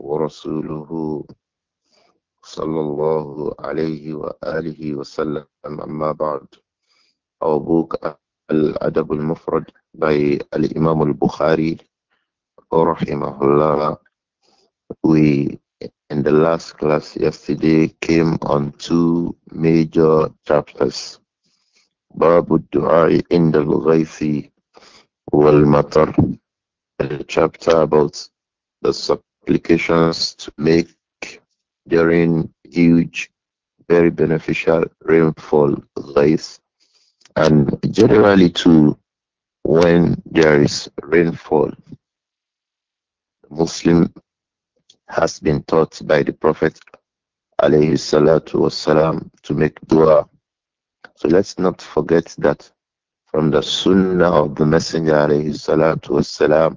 ورسوله صلى الله عليه وآله وسلم أما بعد by we in the last class yesterday came on two major chapters باب الدعاء عند الغيث والمطر the chapter about the applications to make during huge, very beneficial rainfall days, and generally too when there is rainfall. The Muslim has been taught by the Prophet alayhi salatu wasalam to make dua. So let's not forget that from the sunnah of the Messenger alayhi salatu wasalam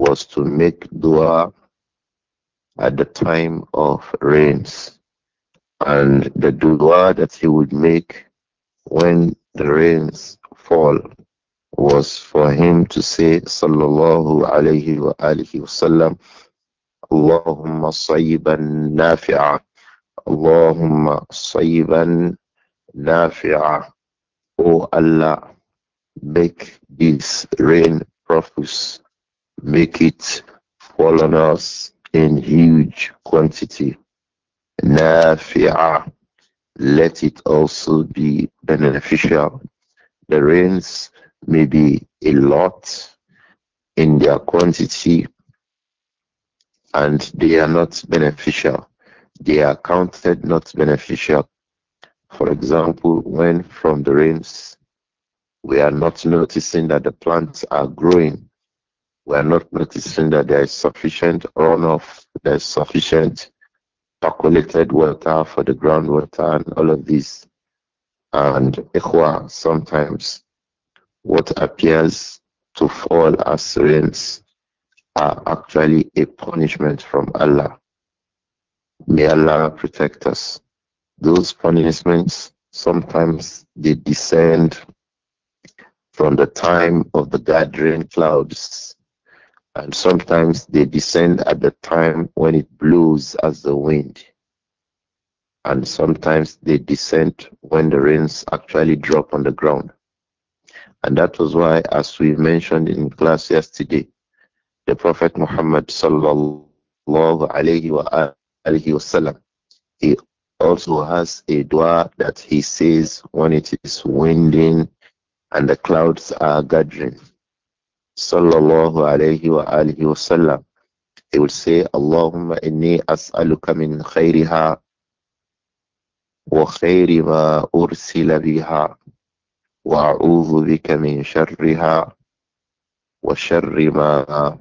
was to make dua at the time of rains and the dua that he would make when the rains fall was for him to say sallallahu alayhi wa alihi wasallam Allahumma sayyiban nafi'a Allahumma sayyiban nafi'a O Allah make this rain profuse make it fall on us in huge quantity. Nafi'ah, let it also be beneficial. The rains may be a lot in their quantity and they are not beneficial. They are counted not beneficial. For example, when from the rains we are not noticing that the plants are growing we are not noticing that there is sufficient runoff, there is sufficient percolated water for the groundwater and all of this. And ikhwa, sometimes what appears to fall as rains are actually a punishment from Allah. May Allah protect us. Those punishments sometimes they descend from the time of the gathering clouds and sometimes they descend at the time when it blows as the wind. And sometimes they descend when the rains actually drop on the ground. And that was why, as we mentioned in class yesterday, the Prophet Muhammad sallallahu alaihi wasallam, he also has a dua that he says when it is winding and the clouds are gathering sallallahu alayhi wa alihi wa sallam. He would say, Allahumma inni as'aluka min khayriha wa khayri ma ursila biha wa a'udhu bika min sharriha wa sharri ma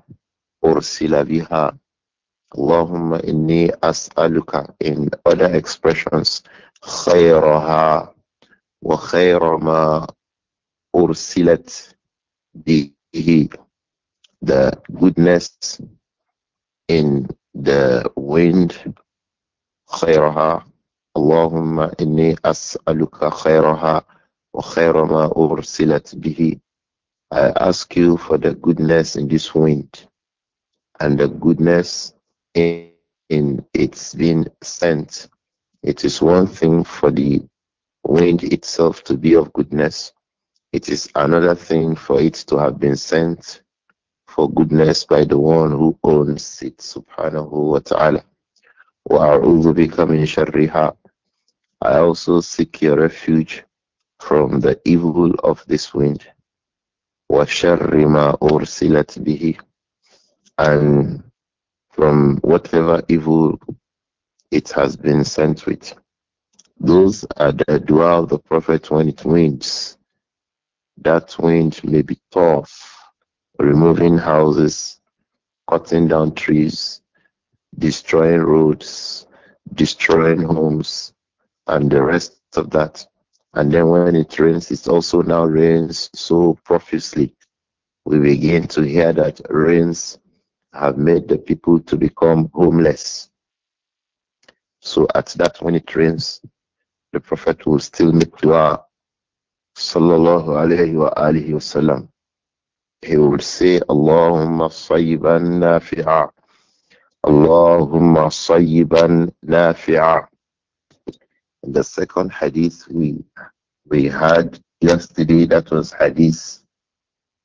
ursila biha. Allahumma inni as'aluka in other expressions wa وخير ma أرسلت به he the goodness in the wind خيرها اللهم إني أسألك خيرها وخير ما أرسلت به I ask you for the goodness in this wind and the goodness in, in its being sent. It is one thing for the wind itself to be of goodness, it is another thing for it to have been sent for goodness by the one who owns it, subhanahu wa ta'ala. وَأَعُوذُ also becoming شَرِّهَا I also seek your refuge from the evil of this wind. وَشَرِّ مَا silat bihi, And from whatever evil it has been sent with. Those are the dua of the Prophet when it winds. That wind may be tough, removing houses, cutting down trees, destroying roads, destroying homes, and the rest of that. And then when it rains, it also now rains so profusely. We begin to hear that rains have made the people to become homeless. So at that when it rains, the Prophet will still make dua sallallahu alayhi wa alihi wasallam. He would say, Allahumma sayyiban nafi'a. Allahumma sayyiban nafi'a. The second hadith we we had yesterday, that was hadith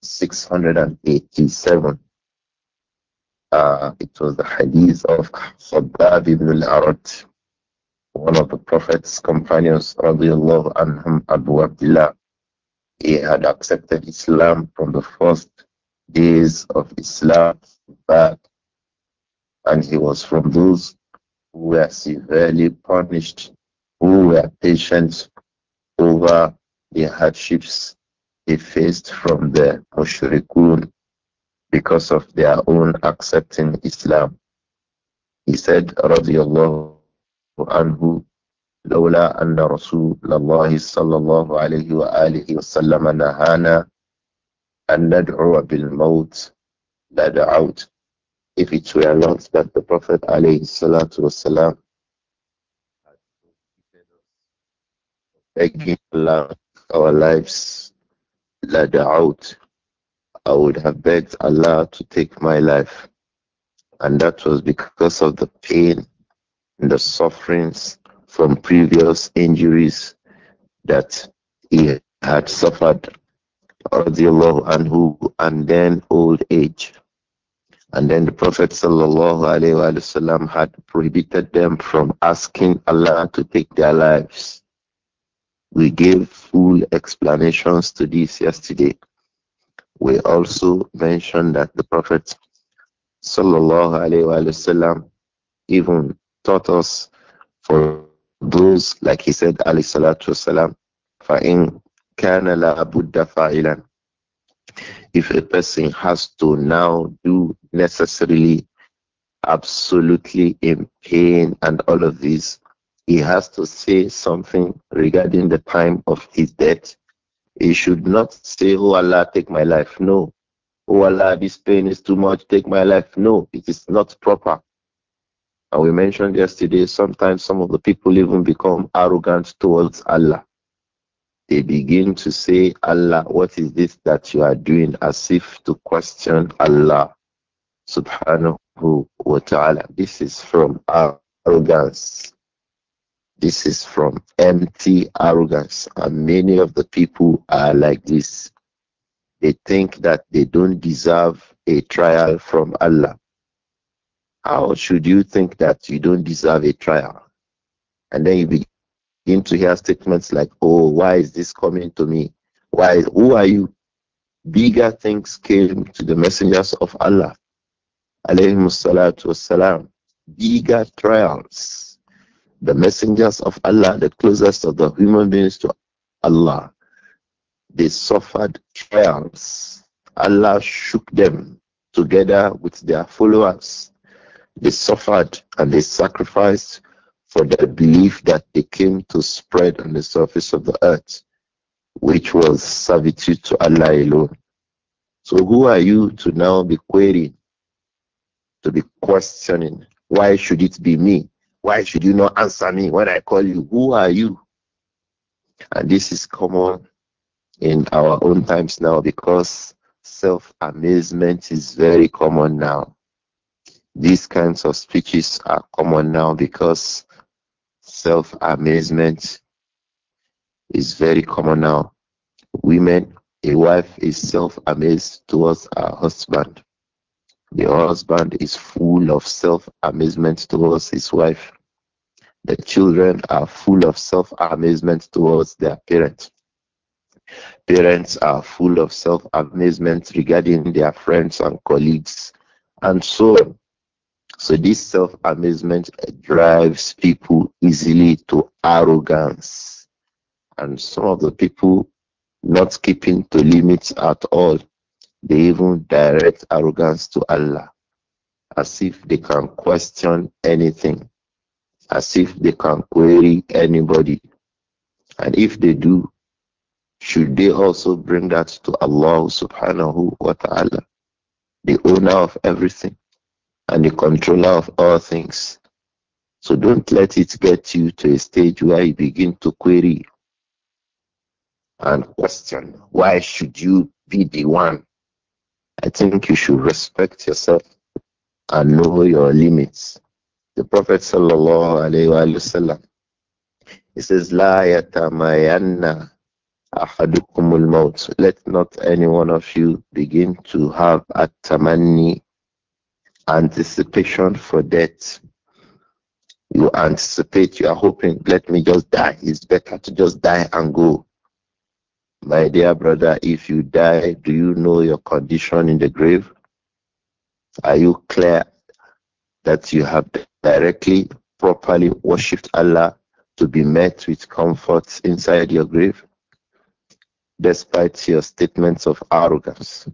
687. Uh, it was the hadith of Khabbab ibn al-Arat, one of the Prophet's companions, radiallahu anhum, Abu Abdullah. He had accepted Islam from the first days of Islam back, and he was from those who were severely punished, who were patient over the hardships they faced from the mushrikun because of their own accepting Islam. He said, رضي anhu, لولا أن رسول الله صلى الله عليه وآله وسلم نهانا أن ندعو بالموت لدعوت if it were not that the Prophet عليه الصلاة والسلام begging Allah our lives لدعوت I would have begged Allah to take my life and that was because of the pain and the sufferings from previous injuries that he had suffered anhu, and then old age. And then the Prophet wasallam had prohibited them from asking Allah to take their lives. We gave full explanations to this yesterday. We also mentioned that the Prophet wasallam even taught us for those, like he said, alayhi salatu wasalam, فَإِنْ كَانَ لَابُدَّ فَاعِلًا If a person has to now do necessarily, absolutely in pain and all of this, he has to say something regarding the time of his death. He should not say, Oh Allah, take my life. No. Oh Allah, this pain is too much, take my life. No, it is not proper. And we mentioned yesterday, sometimes some of the people even become arrogant towards Allah. They begin to say, Allah, what is this that you are doing? As if to question Allah subhanahu wa ta'ala. This is from arrogance. This is from empty arrogance. And many of the people are like this. They think that they don't deserve a trial from Allah how should you think that you don't deserve a trial? And then you begin to hear statements like, oh, why is this coming to me? Why, who are you? Bigger things came to the messengers of Allah, alayhim salatu wasalam. Bigger trials. The messengers of Allah, the closest of the human beings to Allah, they suffered trials. Allah shook them together with their followers. They suffered and they sacrificed for the belief that they came to spread on the surface of the earth, which was servitude to Allah alone. So who are you to now be querying, to be questioning? Why should it be me? Why should you not answer me when I call you? Who are you? And this is common in our own times now because self amazement is very common now. These kinds of speeches are common now because self amazement is very common now. Women, a wife is self amazed towards her husband. The husband is full of self amazement towards his wife. The children are full of self amazement towards their parents. Parents are full of self amazement regarding their friends and colleagues, and so on. So this self amazement drives people easily to arrogance. And some of the people not keeping to limits at all, they even direct arrogance to Allah as if they can question anything, as if they can query anybody. And if they do, should they also bring that to Allah subhanahu wa ta'ala, the owner of everything? and the controller of all things. So don't let it get you to a stage where you begin to query and question why should you be the one? I think you should respect yourself and know your limits. The Prophet sallallahu alaihi wasallam he says, La yatamayanna ahadukumul maut. Let not any one of you begin to have a tamani. Anticipation for death. You anticipate, you are hoping, let me just die. It's better to just die and go. My dear brother, if you die, do you know your condition in the grave? Are you clear that you have directly, properly worshipped Allah to be met with comforts inside your grave, despite your statements of arrogance.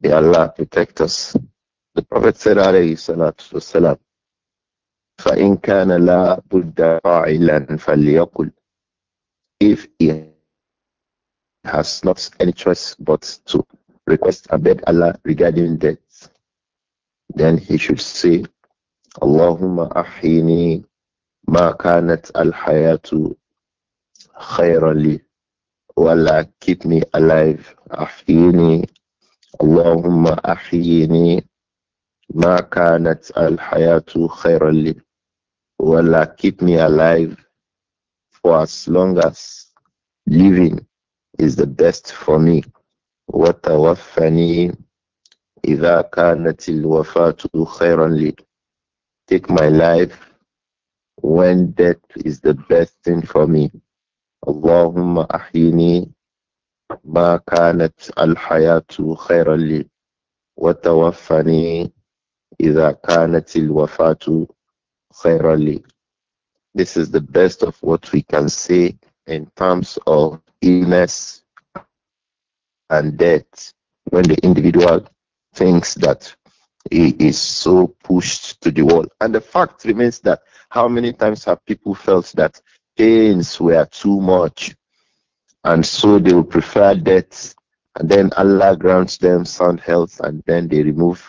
May Allah protect us. The Prophet said, alayhi salatu wasalam, فَإِنْ كَانَ لَا بُدَّ فَاعِلًا فَلْيَقُلْ If he has not any choice but to request a bed Allah regarding death, then he should say, اللهم أحيني ما كانت الحياة خيرا لي ولا keep me alive أحيني اللهم أحيني ما كانت الحياة خيرا لي ولا keep me alive for as long as living is the best for me وتوفني إذا كانت الوفاة خيرا لي take my life when death is the best thing for me اللهم أحيني ما كانت الحياة خيرا لي وتوفني إذا كانت الوفاة خيرا لي this is the best of what we can say in terms of illness and death when the individual thinks that he is so pushed to the wall. And the fact remains that how many times have people felt that pains were too much and so they would prefer death and then Allah grants them sound health and then they remove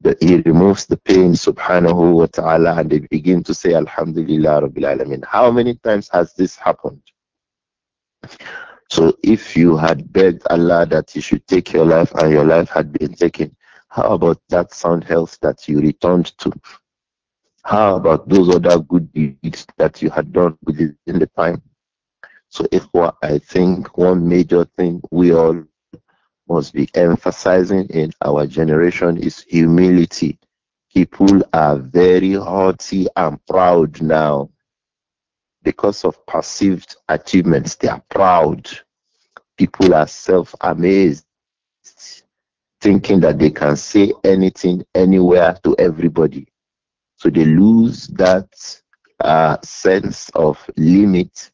that he removes the pain subhanahu wa ta'ala and they begin to say alhamdulillah rabbil alamin how many times has this happened so if you had begged allah that he should take your life and your life had been taken how about that sound health that you returned to how about those other good deeds that you had done within the time so ikhwa i think one major thing we all must be emphasizing in our generation is humility. People are very haughty and proud now because of perceived achievements. They are proud. People are self amazed, thinking that they can say anything, anywhere to everybody. So they lose that uh, sense of limit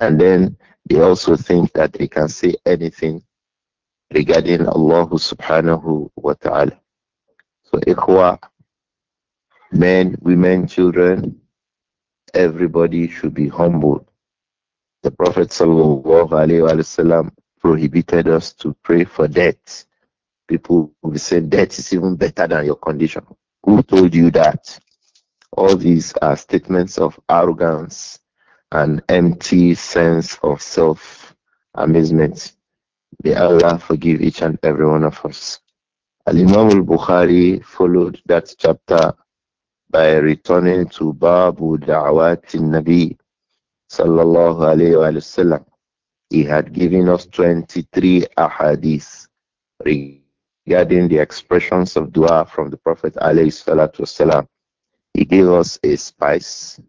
and then they also think that they can say anything regarding Allah subhanahu wa ta'ala. So ikhwa, men, women, children, everybody should be humble. The Prophet sallallahu alayhi wasallam prohibited us to pray for death. People will say death is even better than your condition. Who told you that? All these are statements of arrogance and empty sense of self amazement. May Allah forgive each and every one of us. Al Imam al Bukhari followed that chapter by returning to Babu Da'awat Nabi sallallahu alayhi wa sallam. He had given us 23 ahadith regarding the expressions of dua from the Prophet alayhi salatu Wasallam. He gave us a spice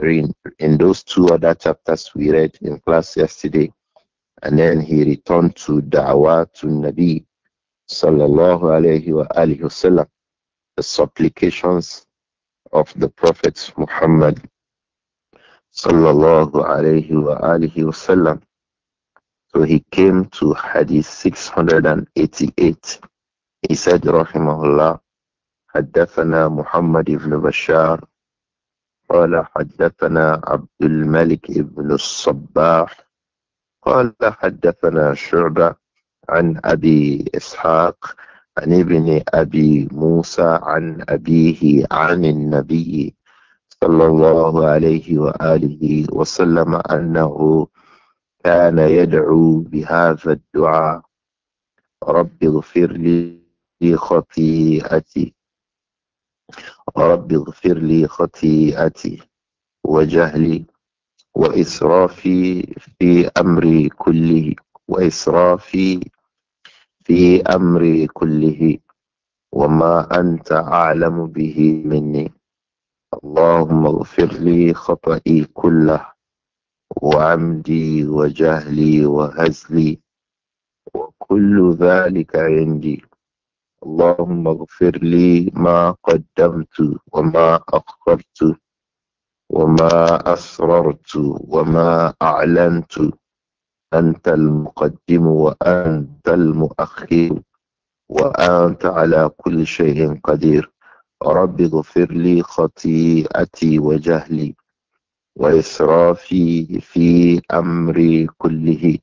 in those two other chapters we read in class yesterday and then he returned to Da'wah to Nabi sallallahu alayhi wa alihi wasallam, the supplications of the Prophet Muhammad sallallahu alayhi wa alihi wasallam. So he came to Hadith 688. He said, Rahimahullah, حدثنا محمد بن بشار قال حدثنا عبد الملك بن الصباح قال حدثنا شعبة عن أبي إسحاق عن ابن أبي موسى عن أبيه عن النبي صلى الله عليه وآله وسلم أنه كان يدعو بهذا الدعاء رب اغفر لي خطيئتي رب اغفر لي خطيئتي وجهلي وإسرافي في أمري كله وإسرافي في أمري كله وما أنت أعلم به مني اللهم اغفر لي خطئي كله وعمدي وجهلي وهزلي وكل ذلك عندي اللهم اغفر لي ما قدمت وما أخرت وما أسررت وما أعلنت أنت المقدم وأنت المؤخر وأنت على كل شيء قدير رب اغفر لي خطيئتي وجهلي وإسرافي في أمري كله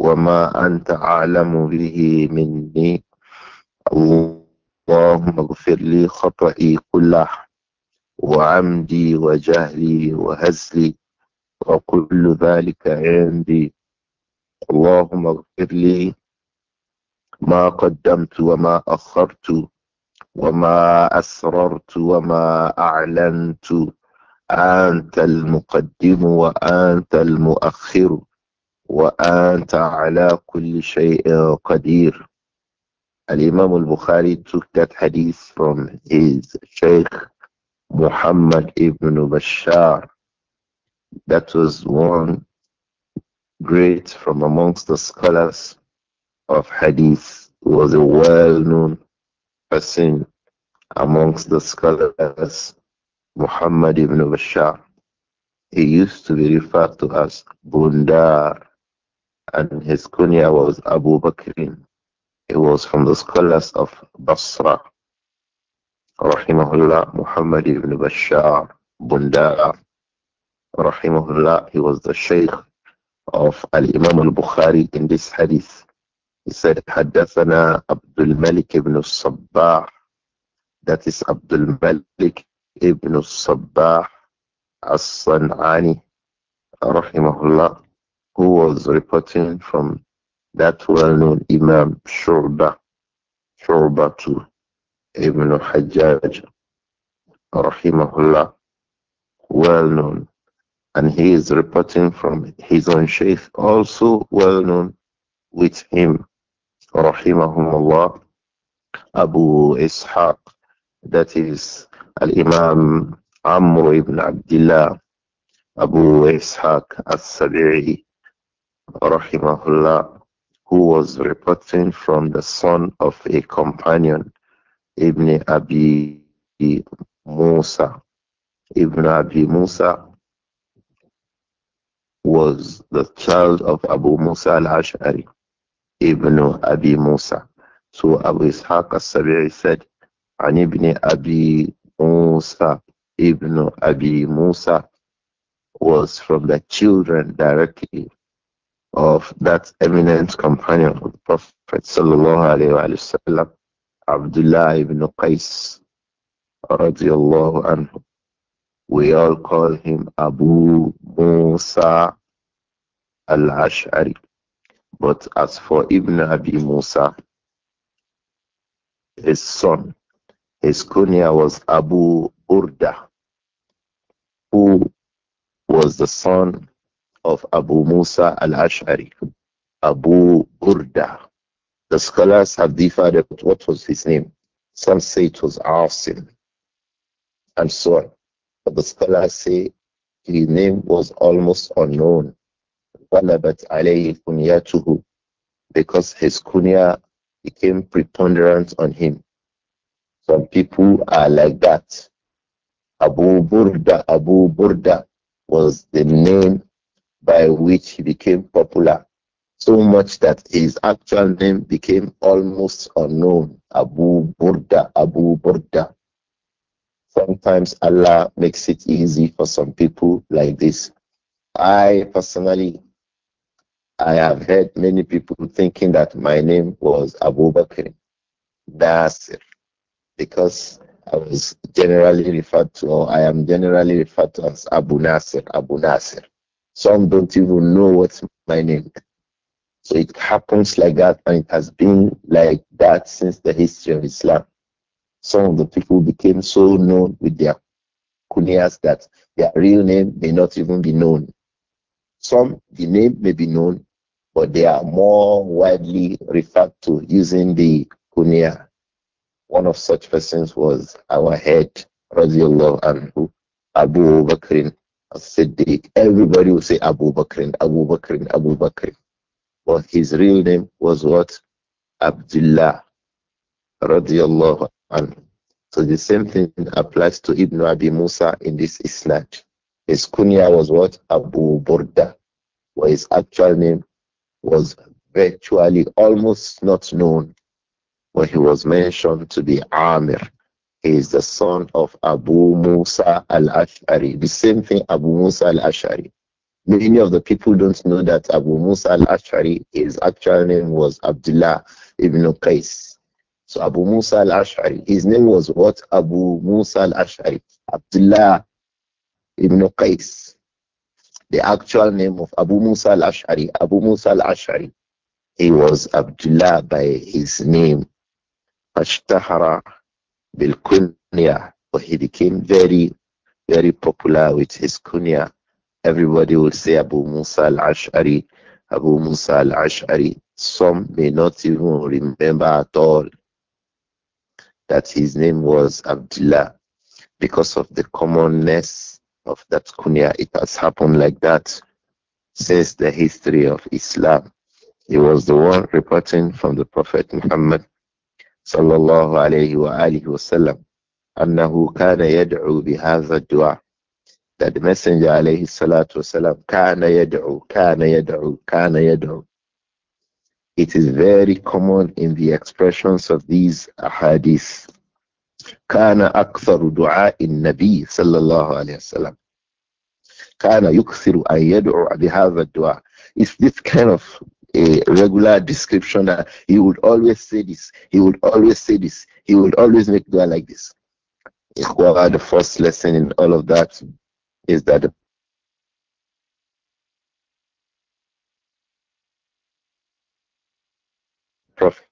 وما أنت أعلم به مني اللهم اغفر لي خطئي كله وعمدي وجهلي وهزلي وكل ذلك عندي اللهم اغفر لي ما قدمت وما أخرت وما أسررت وما أعلنت أنت المقدم وأنت المؤخر وأنت على كل شيء قدير الإمام البخاري took that hadith from his Shaykh Muhammad ibn Bashar. That was one great from amongst the scholars of Hadith, he was a well-known person amongst the scholars, Muhammad ibn Bashar. He used to be referred to as Bundar, and his kunya was Abu Bakr. He was from the scholars of Basra. Rahimahullah Muhammad ibn Bashar Bundara Rahimahullah, he was the Shaykh of Al Imam al Bukhari in this hadith. He said, Haddathana Abdul Malik ibn Sabbah. That is Abdul Malik ibn Sabbah as-San'ani, rahimahullah, who was reporting from that well-known Imam Shurba, Shurba too. Ibn Hajjaj, rahimahullah, well known. And he is reporting from his own sheikh, also well known with him, rahimahullah, Abu Ishaq, that is Al-Imam Amr ibn Abdullah, Abu Ishaq al-Sabi'i, rahimahullah, who was reporting from the son of a companion Ibn Abi Musa. Ibn Abi Musa was the child of Abu Musa al-Ash'ari, Ibn Abi Musa. So Abu Ishaq al-Sabi'i said, An Ibn Abi Musa, Ibn Abi Musa was from the children directly of that eminent companion of the Prophet sallallahu alaihi wasallam, Abdullah ibn Qais radiallahu anhu. We all call him Abu Musa al-Ash'ari. But as for Ibn Abi Musa, his son, his kunya was Abu Urda, who was the son of Abu Musa al-Ash'ari. Abu Urda the scholars have differed about what was his name. Some say it was Arsim, and so on. But the scholars say his name was almost unknown. Because his kunya became preponderant on him. Some people are like that. Abu Burda, Abu Burda was the name by which he became popular so much that his actual name became almost unknown Abu Burda, Abu Burda. Sometimes Allah makes it easy for some people like this. I personally, I have heard many people thinking that my name was Abu Bakr Nasir because I was generally referred to, or I am generally referred to as Abu Nasir, Abu Nasir. Some don't even know what's my name. So it happens like that, and it has been like that since the history of Islam. Some of the people became so known with their kunyas that their real name may not even be known. Some, the name may be known, but they are more widely referred to using the kunya. One of such persons was our head, Radiallahu Anhu, Abu Bakr as Siddiq. Everybody will say Abu Bakr, Abu Bakr, Abu Bakr his real name was what? Abdullah radiallahu anhu. So the same thing applies to Ibn Abi Musa in this isnad. His kunya was what? Abu Burda. where his actual name was virtually almost not known, but he was mentioned to be Amir. He is the son of Abu Musa al-Ash'ari. The same thing Abu Musa al-Ash'ari. Many of the people don't know that Abu Musa al-Ash'ari, his actual name was Abdullah ibn Qais. So Abu Musa al-Ash'ari, his name was what? Abu Musa al-Ash'ari, Abdullah ibn Qais. The actual name of Abu Musa al-Ash'ari, Abu Musa al-Ash'ari, he was Abdullah by his name. Ashtahara bil kunya, he became very, very popular with his kunya. Everybody will say Abu Musa al-Ash'ari, Abu Musa al-Ash'ari. Some may not even remember at all that his name was Abdullah because of the commonness of that kunya. It has happened like that since the history of Islam. He was the one reporting from the Prophet Muhammad sallallahu alayhi wa alihi wasallam أنه كان يدعو بهذا الدعاء that the Messenger alayhi salatu wasalam kana yad'u, kana yad'u, kana yad'u. It is very common in the expressions of these hadiths. كان أكثر in Nabi صلى الله عليه وسلم كان يكثر أن يدعو بهذا الدعاء It's this kind of a regular description that he would always say this, he would always say this, he would always make dua like this. The first lesson in all of that is that the Prophet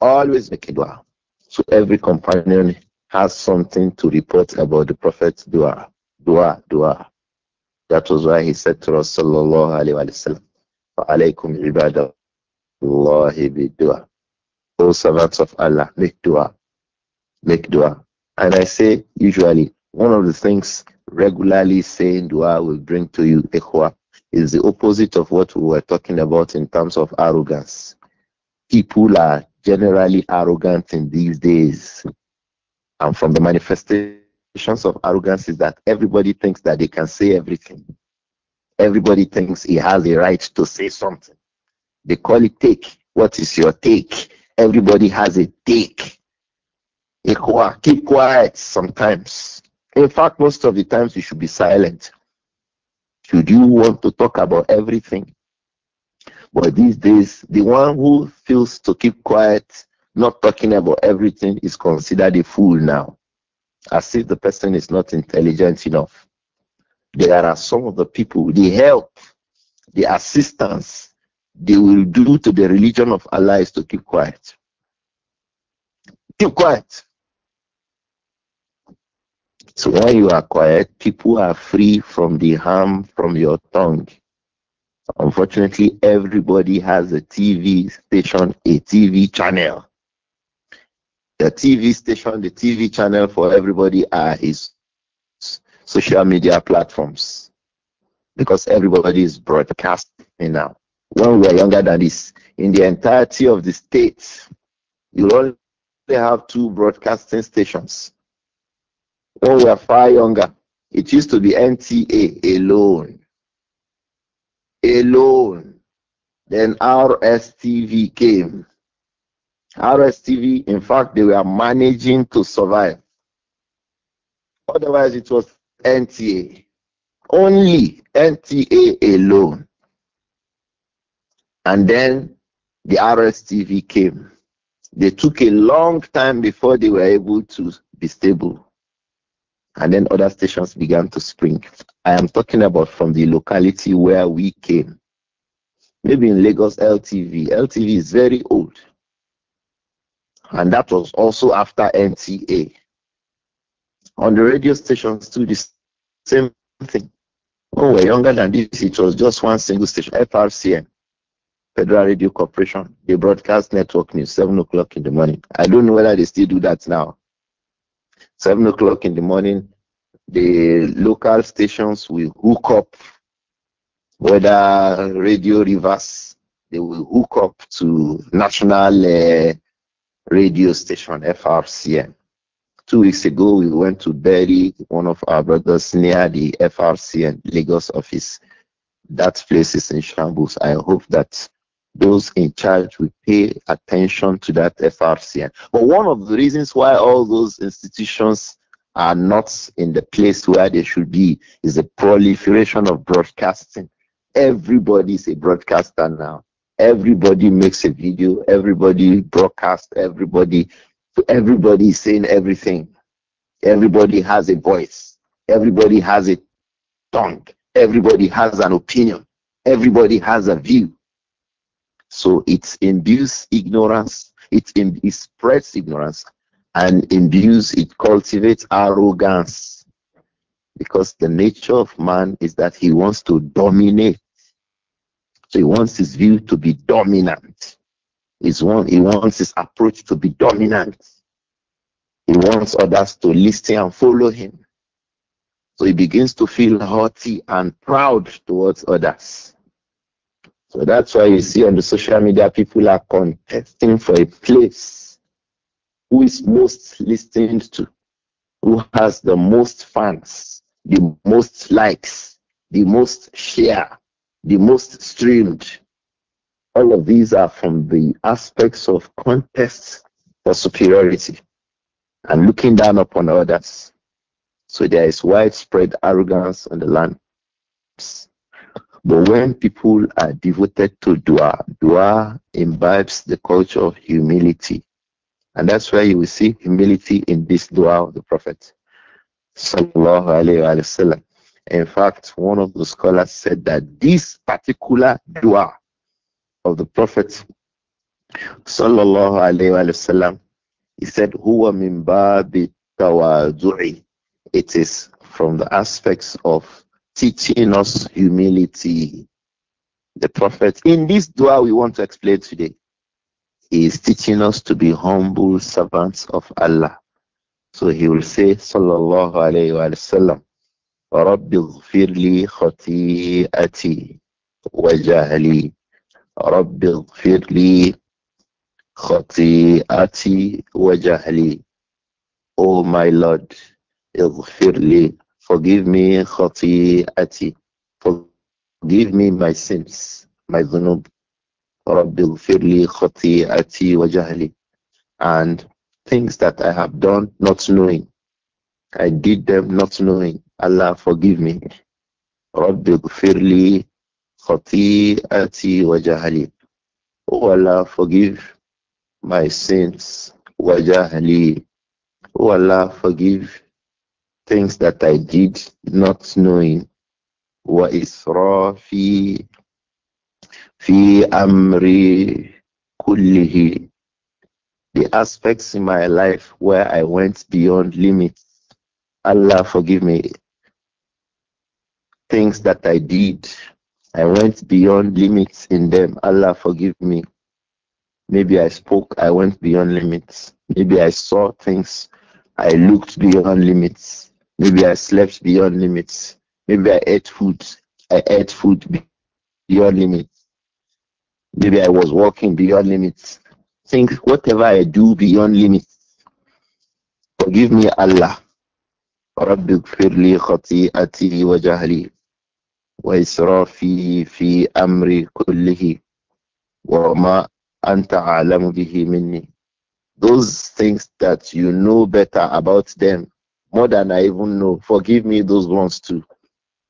always make a dua. So every companion has something to report about the Prophet's dua. Dua, dua. That was why he said to us, Sallallahu Alaihi Wasallam, Alaykum ibadallahi bi dua. O servants of Allah, make dua make dua. And I say, usually, one of the things regularly saying dua will bring to you ikhwa is the opposite of what we were talking about in terms of arrogance. People are generally arrogant in these days. And from the manifestations of arrogance is that everybody thinks that they can say everything. Everybody thinks he has a right to say something. They call it take. What is your take? Everybody has a take keep quiet sometimes. In fact, most of the times you should be silent. Should you want to talk about everything? But these days, the one who feels to keep quiet, not talking about everything, is considered a fool now, as if the person is not intelligent enough. There are some of the people, the help, the assistance they will do to the religion of Allah is to keep quiet. Keep quiet. So when you are quiet, people are free from the harm from your tongue. Unfortunately, everybody has a TV station, a TV channel. The TV station, the TV channel for everybody are his social media platforms because everybody is broadcasting now. When we are younger than this, in the entirety of the state, you only have two broadcasting stations when we were far younger, it used to be NTA alone. Alone. Then RSTV came. RSTV, in fact, they were managing to survive. Otherwise, it was NTA. Only NTA alone. And then the RSTV came. They took a long time before they were able to be stable and then other stations began to spring. I am talking about from the locality where we came. Maybe in Lagos LTV. LTV is very old. And that was also after NTA. On the radio stations too, the same thing. When we were younger than this, it was just one single station, FRCN, Federal Radio Corporation. They broadcast network news, 7 o'clock in the morning. I don't know whether they still do that now. 7 o'clock in the morning, the local stations will hook up, whether radio reverse, they will hook up to national uh, radio station FRCN. Two weeks ago, we went to bury one of our brothers near the FRCN Lagos office. That place is in shambles. I hope that those in charge will pay attention to that FRCN. But one of the reasons why all those institutions are not in the place where they should be is the proliferation of broadcasting. Everybody is a broadcaster now. Everybody makes a video, everybody broadcasts, everybody everybody is saying everything. Everybody has a voice. Everybody has a tongue. Everybody has an opinion. Everybody has a view so it induces ignorance, it, it spreads ignorance and induces. it cultivates arrogance. Because the nature of man is that he wants to dominate. So he wants his view to be dominant. He's one, he wants his approach to be dominant. He wants others to listen and follow him. So he begins to feel haughty and proud towards others. So that's why you see on the social media people are contesting for a place. Who is most listened to? Who has the most fans, the most likes, the most share, the most streamed? All of these are from the aspects of contests for superiority and looking down upon others. So there is widespread arrogance on the land. But when people are devoted to dua, dua imbibes the culture of humility. And that's why you will see humility in this dua of the Prophet. Sallallahu alayhi wa In fact, one of the scholars said that this particular dua of the Prophet Sallallahu alayhi wa he said, Huwa min babi tawadu'i. It is from the aspects of teaching us humility. The Prophet, in this dua we want to explain today, is teaching us to be humble servants of Allah. So he will say, Sallallahu Alaihi Wasallam, رب اغفر لي khutiyati وجهلي Rabbil اغفر لي خطيئتي وجهلي Oh my Lord, اغفر لي Forgive me, khati'ati. Forgive me my sins, my dhunub. Rabbil firli khati'ati wa jahli. And things that I have done not knowing. I did them not knowing. Allah forgive me. Rabbi gfirli khati'ati wa jahali. Oh Allah forgive my sins wa jahali. Oh Allah forgive things that I did not knowing fi fi amri كله the aspects in my life where I went beyond limits Allah forgive me things that I did I went beyond limits in them Allah forgive me maybe I spoke I went beyond limits maybe I saw things I looked beyond limits Maybe I slept beyond limits. Maybe I ate food. I ate food beyond limits. Maybe I was walking beyond limits. Think whatever I do beyond limits. Forgive me, Allah. وجهلي وإسرافي في أمري كله وما أنت أعلم به مني those things that you know better about them more than I even know. Forgive me those ones too.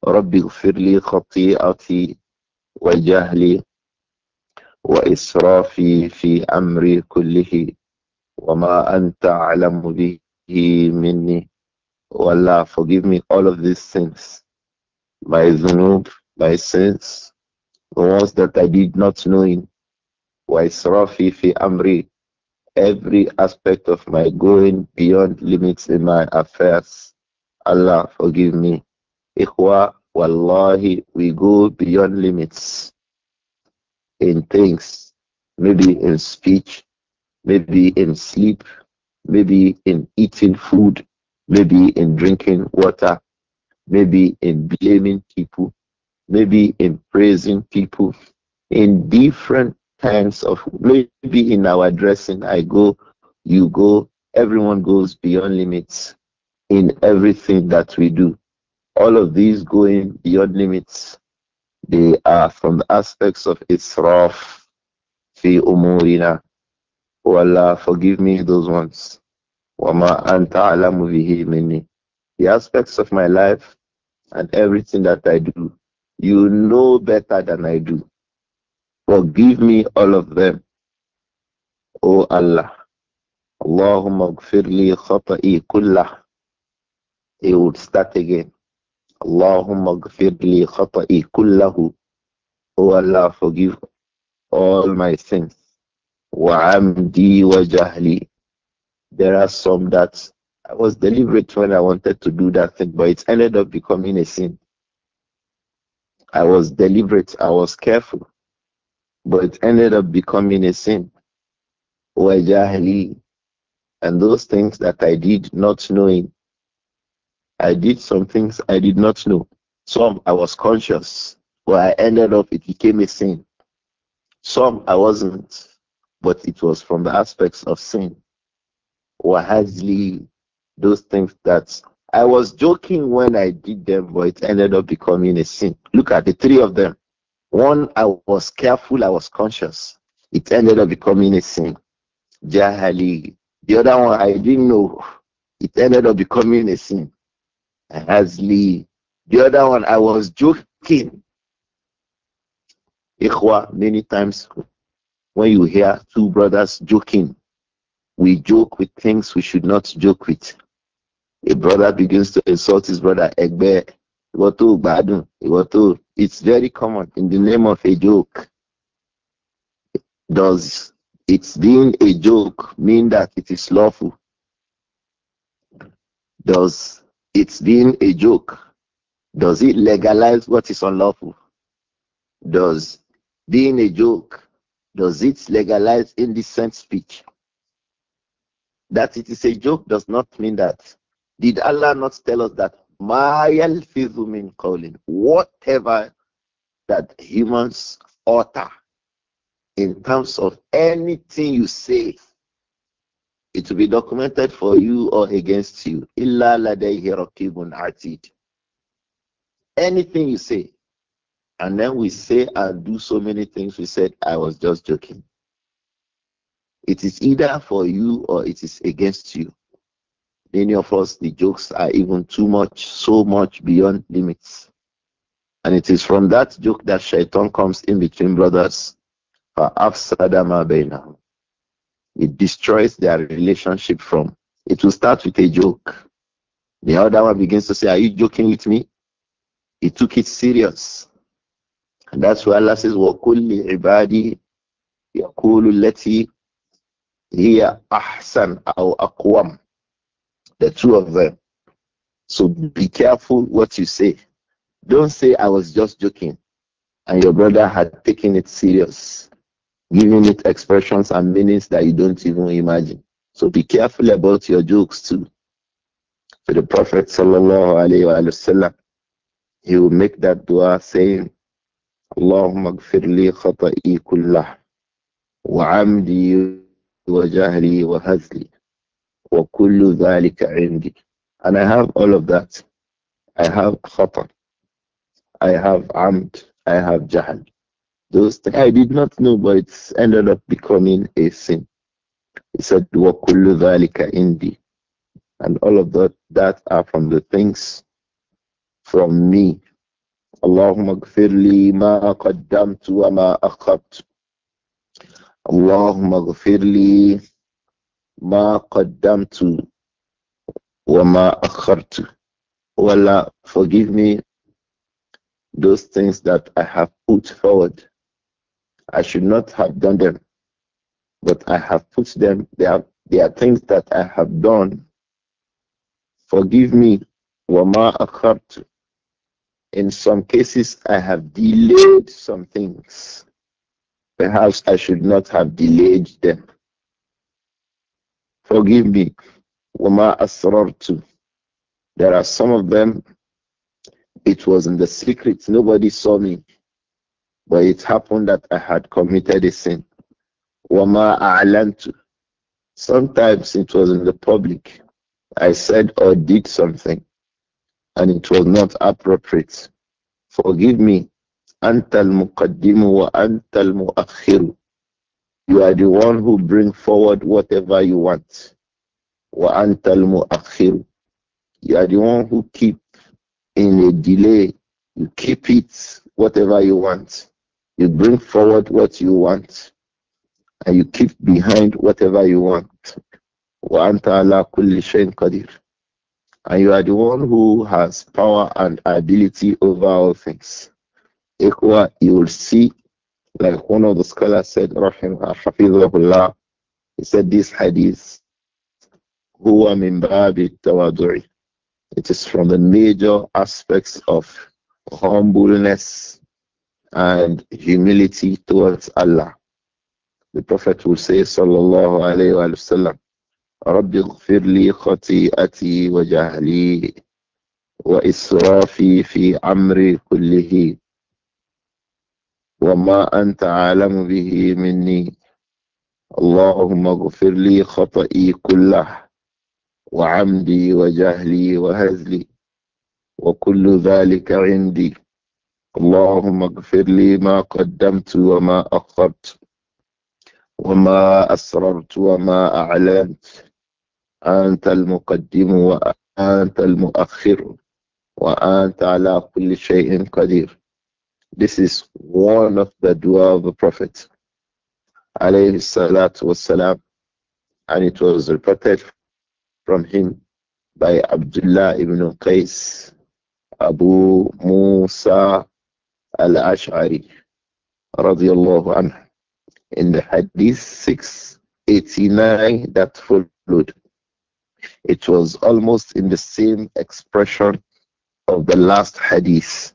رب اغفر لي خطيئتي وجهلي وإسرافي في أمري كله وما أنت أعلم minni مني Allah, forgive me all of these things my dhunub my sins the ones that I did not know in israfi في أمري every aspect of my going beyond limits in my affairs. Allah forgive me. Ikhwa, wallahi, we go beyond limits in things, maybe in speech, maybe in sleep, maybe in eating food, maybe in drinking water, maybe in blaming people, maybe in praising people, in different times of maybe in our dressing, I go, you go, everyone goes beyond limits in everything that we do. All of these going beyond limits, they are from the aspects of israf fi umurina. Oh Allah, forgive me those ones. Wama anta alamu bihi The aspects of my life and everything that I do, you know better than I do. Forgive me all of them. O Allah. Allahumma gfirli khata'i kullah. He would start again. Allahumma gfirli khata'i kullahu. O Allah, forgive all my sins. Wa amdi wa jahli. There are some that I was deliberate when I wanted to do that thing, but it ended up becoming a sin. I was deliberate. I was careful but it ended up becoming a sin. ajahli, And those things that I did not knowing. I did some things I did not know. Some I was conscious, but I ended up it became a sin. Some I wasn't, but it was from the aspects of sin. ajahli, those things that I was joking when I did them, but it ended up becoming a sin. Look at the three of them. One, I was careful, I was conscious. It ended up becoming a sin. Jahali. The other one, I didn't know. It ended up becoming a sin. Hasli. The other one, I was joking. Ikhwa, many times when you hear two brothers joking, we joke with things we should not joke with. A brother begins to insult his brother, Egbe, it's very common in the name of a joke. Does it being a joke mean that it is lawful? Does it being a joke, does it legalize what is unlawful? Does being a joke, does it legalize indecent speech? That it is a joke does not mean that. Did Allah not tell us that Ma is min calling Whatever that humans utter in terms of anything you say, it will be documented for you or against you. Illa ladayhi atid. Anything you say. And then we say and do so many things. We said, I was just joking. It is either for you or it is against you. Many of us, the jokes are even too much, so much beyond limits. And it is from that joke that shaitan comes in between brothers. It destroys their relationship from. It will start with a joke. The other one begins to say, Are you joking with me? He took it serious. And that's why Allah says, وَكُلِّ عِبَادِي يَقُولُ leti هِيَ ahsan aw أَقْوَمْ the two of them. So be careful what you say. Don't say I was just joking and your brother had taken it serious, giving it expressions and meanings that you don't even imagine. So be careful about your jokes too. So the Prophet sallallahu alaihi wasallam, he will make that dua saying, اللهم اغفر لي خطئي كله وعمدي وجهلي وهزلي وَكُلُّ ذَلِكَ عِنْدِي And I have all of that. I have خطر, I have عمد, I have جهل. Those things I did not know, but it ended up becoming a sin. He said, وَكُلُّ ذَلِكَ عِنْدِي And all of that, that are from the things from me. اللهم اغفر لي ما قدمت وما أخرت اللهم اغفر لي ما قدمت وما أخرت ولا forgive me those things that I have put forward I should not have done them but I have put them they are, they are things that I have done forgive me وما أخرت in some cases I have delayed some things perhaps I should not have delayed them Forgive me. Wama asrartu. There are some of them, it was in the secret. Nobody saw me. But it happened that I had committed a sin. Wama a'lantu. Sometimes it was in the public. I said or did something and it was not appropriate. Forgive me. Antal muqaddimu wa antal muakhiru. You are the one who bring forward whatever you want. You are the one who keep in a delay. You keep it whatever you want. You bring forward what you want. And you keep behind whatever you want. and you are the one who has power and ability over all things. you will see like one of the scholars said, Rahim Hafizullah, he said this hadith, Huwa min babi tawadu'i. It is from the major aspects of humbleness and humility towards Allah. The Prophet will say, Sallallahu alayhi wa sallam, رب اغفر لي خطيئتي وجهلي وإسرافي في أمري كله وما أنت عالم به مني اللهم اغفر لي خطئي كله وعمدي وجهلي وهزلي وكل ذلك عندي اللهم اغفر لي ما قدمت وما أخرت وما أسررت وما أعلنت أنت المقدم وأنت المؤخر وأنت على كل شيء قدير This is one of the dua of the Prophet. Alayhi And it was reported from him by Abdullah ibn Qais Abu Musa al-Ash'ari radiyallahu anhu in the hadith 689 that followed it was almost in the same expression of the last hadith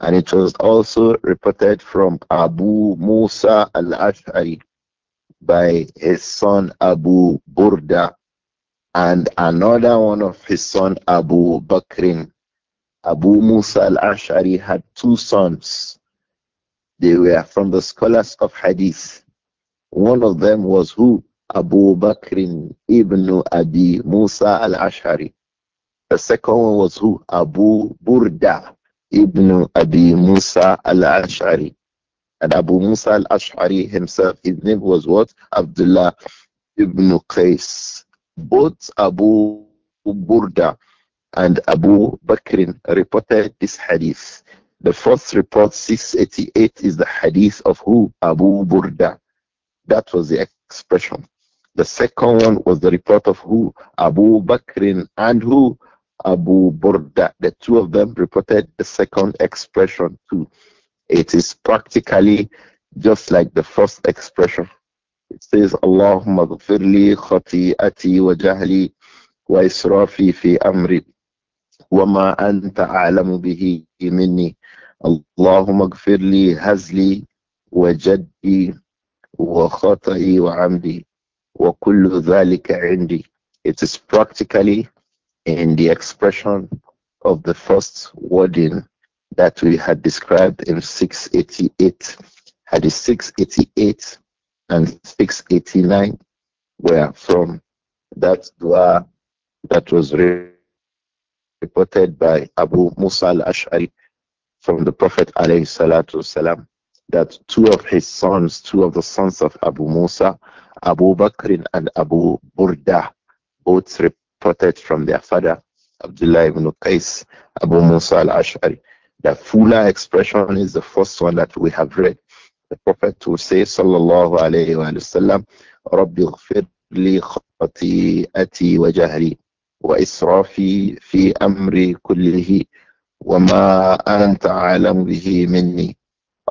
and it was also reported from Abu Musa al Ash'ari by his son Abu Burda and another one of his son Abu Bakrin. Abu Musa al Ash'ari had two sons. They were from the scholars of Hadith. One of them was who? Abu Bakrin ibn Abi Musa al Ash'ari. The second one was who? Abu Burda Ibn Abi Musa al-Ash'ari. And Abu Musa al-Ash'ari himself, his name was what? Abdullah ibn Qais. Both Abu Burda and Abu Bakr reported this hadith. The first report, 688, is the hadith of who? Abu Burda. That was the expression. The second one was the report of who? Abu Bakr and who? Abu Burda. The two of them reported the second expression too. It is practically just like the first expression. It says, Allahumma ghafirli khati'ati wa jahli wa israfi fi amri wa ma anta a'lamu bihi minni. Allahumma ghafirli hazli wa jaddi wa khata'i wa amdi wa kullu dhalika indi. It is practically in the expression of the first wording that we had described in 688. Hadith 688 and 689 were from that dua that was reported by Abu Musa al-Ash'ari from the Prophet والسلام, that two of his sons, two of the sons of Abu Musa, Abu Bakr and Abu Burda, both reported reported from their father, Abdullah ibn Qais, Abu Musa al-Ash'ari. The fuller expression is the first one that we have read. The Prophet will say, Sallallahu alayhi wa sallam, Rabbi li khati'ati wa jahri wa israfi fi amri kullihi wa ma anta alam bihi minni.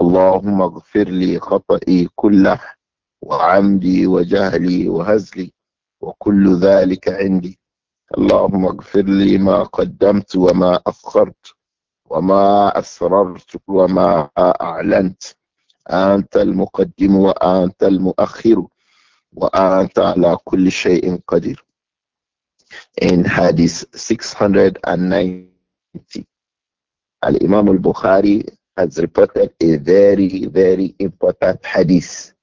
اللهم اغفر لي خطئي كله وعمدي وجهلي وهزلي وكل ذلك عندي اللهم اغفر لي ما قدمت وما أخرت وما أسررت وما أعلنت أنت المقدم وأنت المؤخر وأنت على كل شيء قدير in Hadith 690 Al-Imam al-Bukhari has reported a very very important Hadith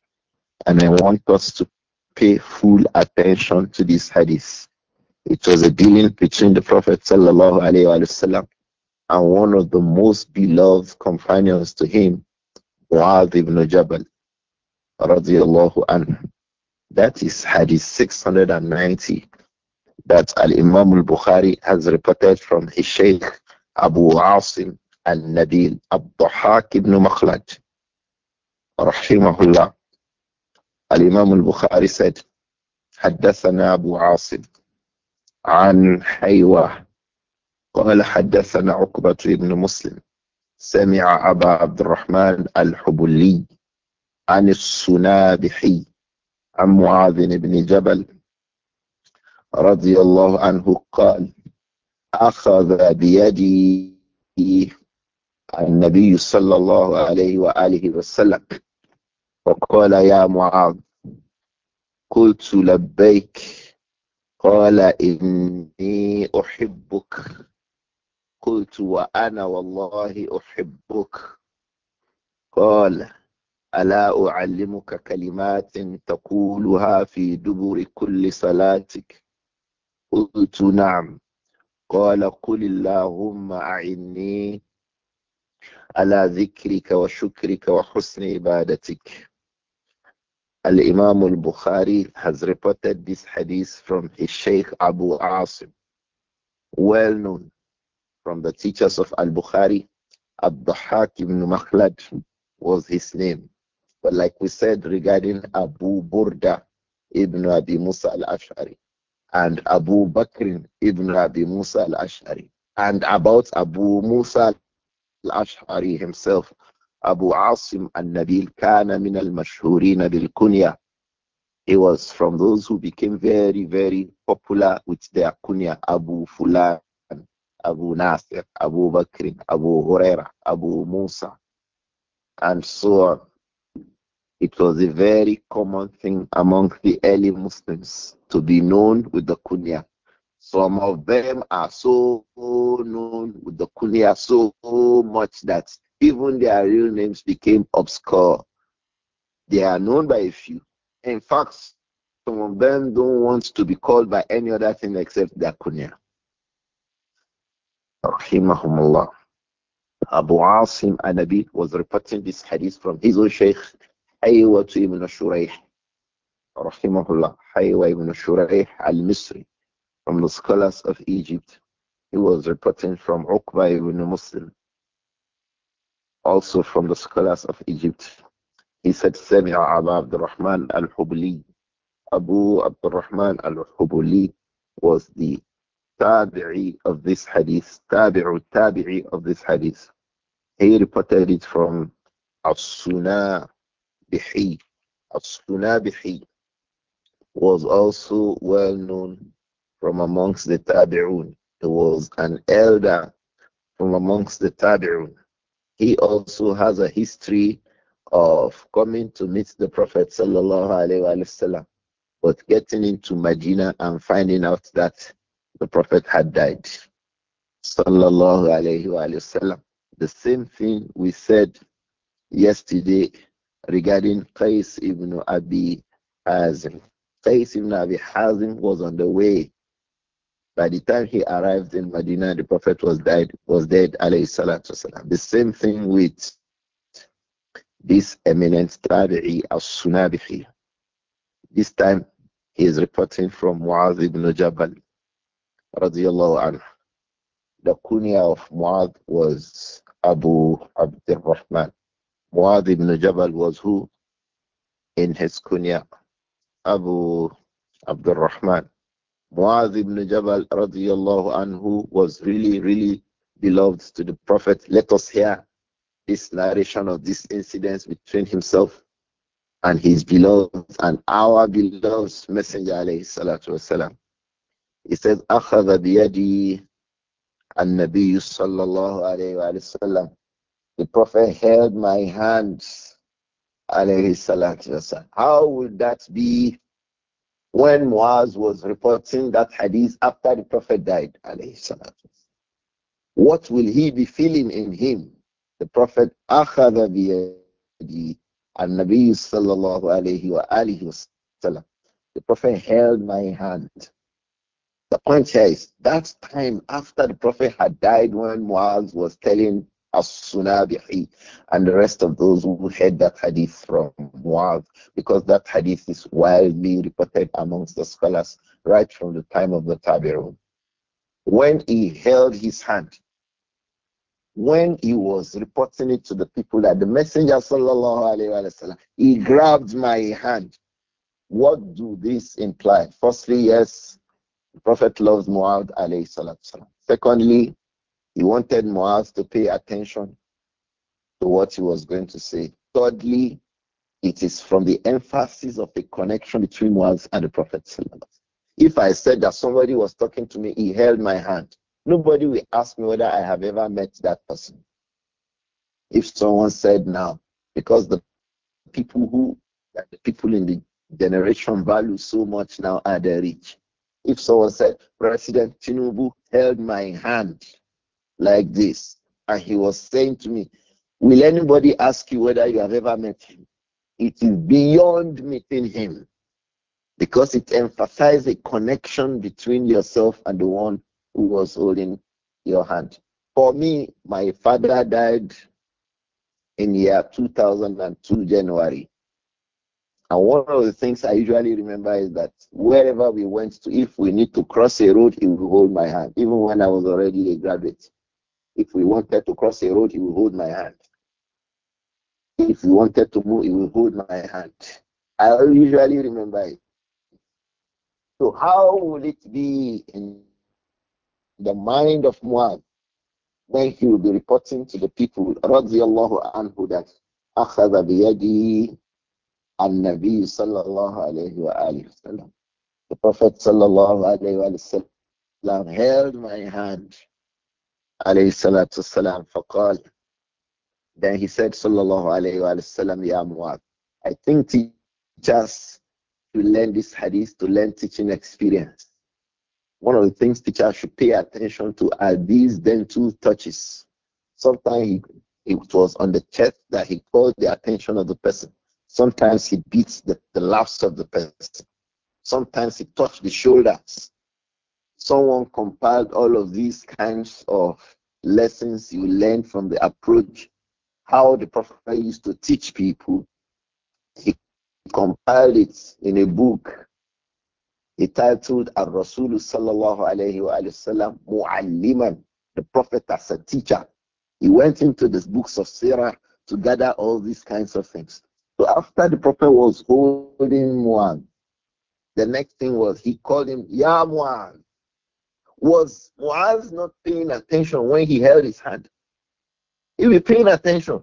and I want us to pay full attention to this Hadith it was a dealing between the Prophet وسلم, and one of the most beloved companions to him, Mu'adh ibn Jabal. Anhu. That is Hadith 690 that Al Imam al Bukhari has reported from his Shaykh Abu Asim al Nabil Abduhak ibn Makhlaj. Rahimahullah. Al Imam al Bukhari said, حدثنا أبو عاصم عن حيوة قال حدثنا عقبة بن مسلم سمع أبا عبد الرحمن الحبلي عن السنابحي عن معاذ بن جبل رضي الله عنه قال أخذ بيدي النبي صلى الله عليه وآله وسلم وقال يا معاذ قلت لبيك قال إني أحبك قلت وأنا والله أحبك قال ألا أعلمك كلمات تقولها في دبر كل صلاتك قلت نعم قال قل اللهم أعني على ذكرك وشكرك وحسن عبادتك Al-Imam al-Bukhari has reported this hadith from his Sheikh Abu Asim, well known from the teachers of Al-Bukhari, Abdahak ibn Makhlad was his name. But like we said regarding Abu Burda ibn Abi Musa al-Ash'ari and Abu Bakr ibn Abi Musa al-Ash'ari and about Abu Musa al-Ash'ari himself, Abu Asim al-Nabil kana min al-mashhurina bil-kunya. He was from those who became very, very popular with their kunya, Abu Fulan, Abu Nasir, Abu Bakr, Abu Huraira, Abu Musa, and so on. It was a very common thing among the early Muslims to be known with the kunya. Some of them are so known with the kunya so much that even their real names became obscure. They are known by a few. In fact, some of them don't want to be called by any other thing except their kunya. Rahimahumullah. Abu Asim Anabi was reporting this hadith from his own Shaykh Haywa to Ibn Shurayh. Rahimahullah. Haywa Ibn Shurayh al Misri from the scholars of Egypt. He was reporting from Uqba ibn Muslim also from the scholars of Egypt. He said, Sami'a Abu Abdurrahman al-Hubli. Abu Abdurrahman al-Hubli was the tabi'i of this hadith, tabi'u tabi'i of this hadith. He reported it from As-Sunabihi. As-Sunabihi was also well known from amongst the tabi'un. He was an elder from amongst the tabi'un he also has a history of coming to meet the Prophet وسلم, but getting into Medina and finding out that the Prophet had died. The same thing we said yesterday regarding Qais ibn Abi Hazim. Qais ibn Abi Hazim was on the way by the time he arrived in Medina, the Prophet was died, was dead, alayhi salatu wasalam. The same thing with this eminent Tabi'i al-Sunabihi. This time he is reporting from Mu'adh ibn Jabal, radiallahu anhu. The kunya of Mu'adh was Abu Abdurrahman. Mu'adh ibn Jabal was who? In his kunya, Abu Abdurrahman. Muaz ibn Jabal radiallahu anhu was really, really beloved to the Prophet. Let us hear this narration of this incident between himself and his beloved and our beloved Messenger alayhi salatu wasalam. He said, أخذ بيدي النبي صلى الله عليه وسلم. The Prophet held my hands alayhi salatu wasalam. How would that be when Muaz was reporting that hadith after the Prophet died. What will he be feeling in him? The Prophet The Prophet held my hand. The point here is that time after the Prophet had died when Muaz was telling as-Sunabihi, and the rest of those who heard that hadith from Muad, because that hadith is widely reported amongst the scholars right from the time of the Tabi'un. When he held his hand, when he was reporting it to the people that the Messenger sallallahu wasallam, he grabbed my hand. What do this imply? Firstly, yes, the Prophet loves Muad alayhi Secondly, he wanted Moaz to pay attention to what he was going to say. Thirdly, it is from the emphasis of the connection between Moaz and the Prophet. If I said that somebody was talking to me, he held my hand, nobody will ask me whether I have ever met that person. If someone said now, because the people who the people in the generation value so much now are the rich. If someone said, President Tinubu held my hand, like this. And he was saying to me, Will anybody ask you whether you have ever met him? It is beyond meeting him because it emphasizes a connection between yourself and the one who was holding your hand. For me, my father died in year 2002, January. And one of the things I usually remember is that wherever we went to, if we need to cross a road, he would hold my hand, even when I was already a graduate. If we wanted to cross a road, he will hold my hand. If we wanted to move, he will hold my hand. I usually remember it. So how will it be in the mind of Muad when he will be reporting to the people, radiallahu anhu, that أخذ بيدي النبي صلى الله عليه وآله وسلم. The Prophet sallallahu alayhi wa sallam held my hand. عليه الصلاة Then he said "Sallallahu alayhi wa sallam." Ya muad. I think teachers to learn this hadith, to learn teaching experience. One of the things teachers should pay attention to are these dental touches. Sometimes he, it was on the chest that he called the attention of the person. Sometimes he beats the, the laughs of the person. Sometimes he touched the shoulders someone compiled all of these kinds of lessons you learn from the approach, how the Prophet used to teach people. He compiled it in a book entitled Al Rasul sallallahu alayhi wa Mu'alliman, the Prophet as a teacher. He went into the books of Sirah to gather all these kinds of things. So after the Prophet was holding one, the next thing was he called him Ya Mu'an. Was Muaz not paying attention when he held his hand? He was paying attention.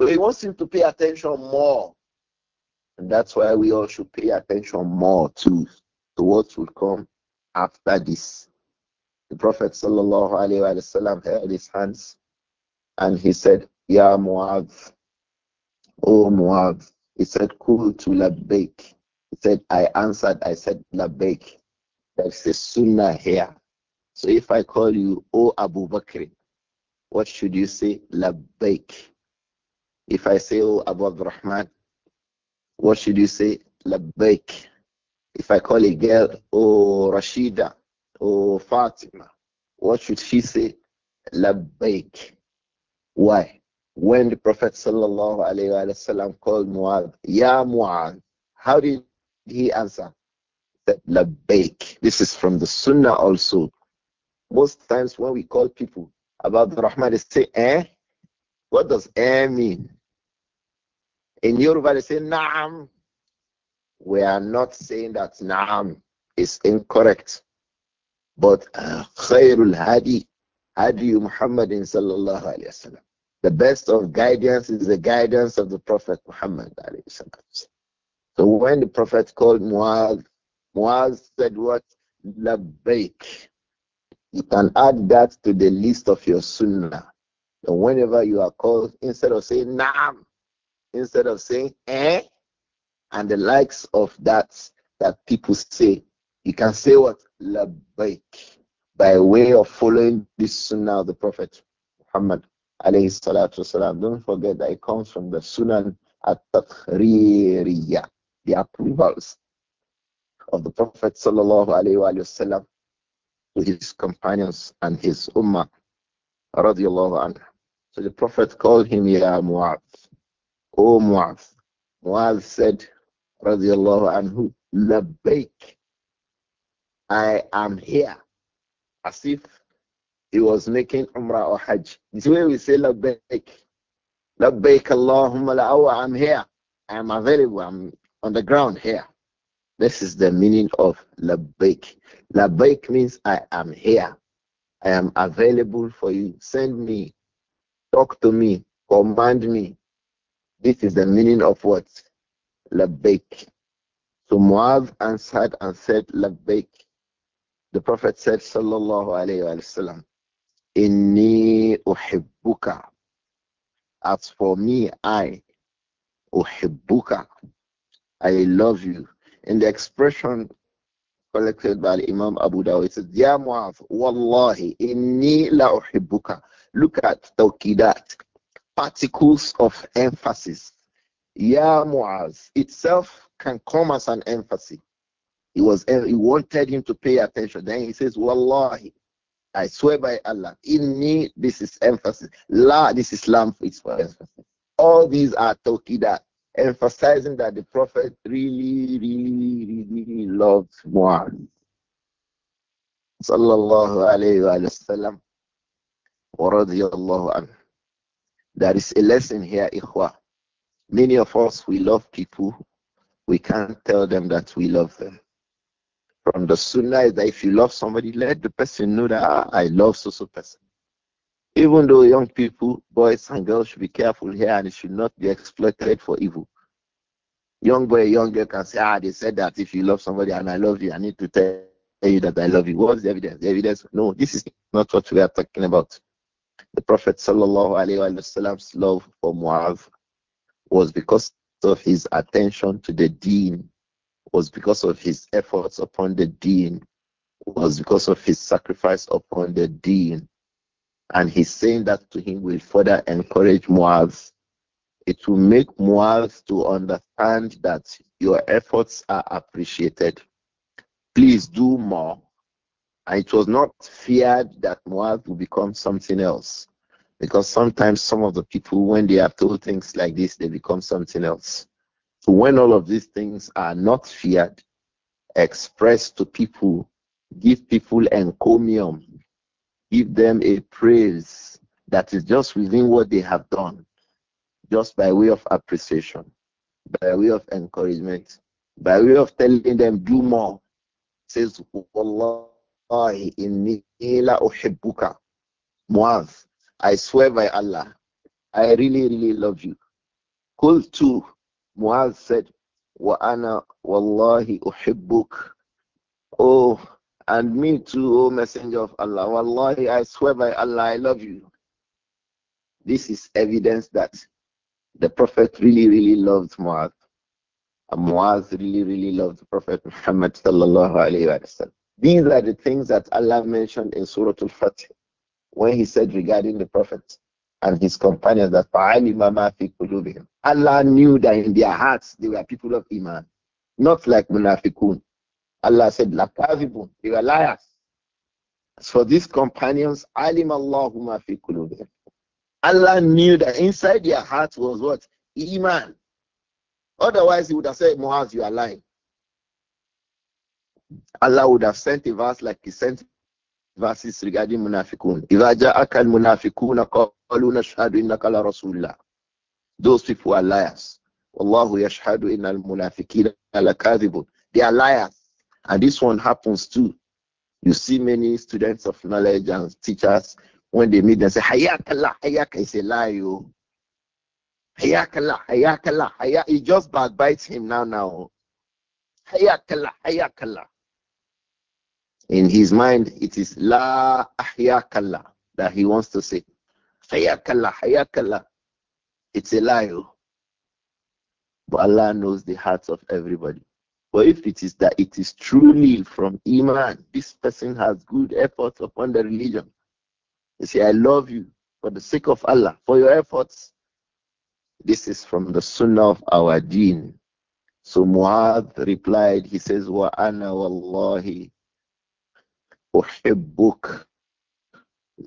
So he wants him to pay attention more. And that's why we all should pay attention more to, to what will come after this. The Prophet wasallam held his hands and he said, Ya Muaz, O Muaz. He said, Kul to Labbaik. He said, I answered, I said, Labbaik. There's a sunnah here. So if I call you, O Abu Bakr, what should you say? Labbaik. If I say, O Abu Abdurrahman, what should you say? Labbaik. If I call a girl, O Rashida, O Fatima, what should she say? Labbaik. Why? When the Prophet wasallam called Mu'adh, Ya Mu'adh, how did he answer? That Labbaik. This is from the Sunnah also most times when we call people about the Rahman, they say, eh? What does eh mean? In Yoruba, they say, naam. We are not saying that naam is incorrect. But uh, khairul hadi, hadi Muhammadin sallallahu alayhi wasallam. The best of guidance is the guidance of the Prophet Muhammad alayhi So when the Prophet called Muaz, Muaz said what? Labbaik. You can add that to the list of your sunnah. And whenever you are called, instead of saying Naam, instead of saying Eh, and the likes of that that people say, you can say what Labbaik by way of following this sunnah of the Prophet Muhammad alayhi salatu wasalam. Don't forget that it comes from the sunnah at-takhririya, the approvals of the Prophet sallallahu alayhi wa sallam to his companions and his ummah. Radiallahu anhu. So the Prophet called him Ya Mu'adh. O Mu'adh. Mu'adh said, Radiallahu anhu, Labbaik. I am here. As if he was making Umrah or Hajj. This way we say Labbaik. Labbaik Allahumma la'awa, oh, I'm here. I'm available. I'm on the ground here. This is the meaning of labayk. Labayk means I am here. I am available for you. Send me. Talk to me. Command me. This is the meaning of what? labayk. So Muaz answered and said, labayk. The Prophet said, Sallallahu Alaihi Wasallam, Inni uhibbuka. As for me, I, uhibbuka, I love you in the expression collected by Imam Abu Dawud. It says, Ya Mu'adh, Wallahi, inni la uhibbuka. Look at tawqidat, particles of emphasis. Ya Mu'adh itself can come as an emphasis. He was eh, he wanted him to pay attention. Then he says, Wallahi, I swear by Allah, inni, this is emphasis. La, this is lam, it's for emphasis. All these are tawqidat emphasizing that the Prophet really, really, really loved Muaz. Sallallahu alayhi wa sallam There is a lesson here, ikhwa. Many of us, we love people. We can't tell them that we love them. From the sunnah that if you love somebody, let the person know that ah, I love so-so person. Even though young people, boys and girls, should be careful here and it should not be exploited for evil. Young boy, young girl can say, ah, they said that if you love somebody and I love you, I need to tell you that I love you. What's the evidence? The evidence? No, this is not what we are talking about. The Prophet Prophet's love for Mu'adh was because of his attention to the deen, was because of his efforts upon the deen, was because of his sacrifice upon the deen, and he's saying that to him will further encourage Moaz. It will make Moaz to understand that your efforts are appreciated. Please do more. And it was not feared that Moab will become something else. Because sometimes some of the people, when they are told things like this, they become something else. So when all of these things are not feared, expressed to people, give people encomium, give them a praise that is just within what they have done, just by way of appreciation, by way of encouragement, by way of telling them, do more. Says, Wallahi Muaz, I swear by Allah, I really, really love you. Qul to Muaz said, Wa ana wallahi uhibbuk. Oh, and me too, O Messenger of Allah. Wallahi, I swear by Allah, I love you. This is evidence that the Prophet really, really loved Muaz. And Muaz really, really loved the Prophet Muhammad These are the things that Allah mentioned in Surah Al-Fatih when he said regarding the Prophet and his companions that Allah knew that in their hearts they were people of Iman, not like Munafiqun. Allah said, Lakavibun, you are liars. As for these companions, Alim Allahumma fi Allah knew that inside their hearts was what? Iman. Otherwise, he would have said, Muaz, you are lying. Allah would have sent a verse like he sent verses regarding munafikun. إِذَا akal munafikun, قَالُوا نَشْهَدُ إِنَّكَ لَرَسُولُ Those people are liars. وَاللَّهُ يَشْهَدُ إِنَّ الْمُنَافِقِينَ لَكَاذِبُونَ They are liars. And this one happens too. You see many students of knowledge and teachers when they meet, they say, Hayakallah, Hayaka is a lie, yo. Hayakallah, Hayakallah, Hayak. He just backbites him now, now. Hayakallah, Hayakallah. In his mind, it is La Ahyakallah that he wants to say. Hayakallah, Hayakallah. It's a lie, yo. Oh. But Allah knows the hearts of everybody. But if it is that it is truly from Iman, this person has good efforts upon the religion. They say, I love you for the sake of Allah, for your efforts. This is from the Sunnah of our deen. So Mu'adh replied, he says, Wa ana wallahi uhibbuk.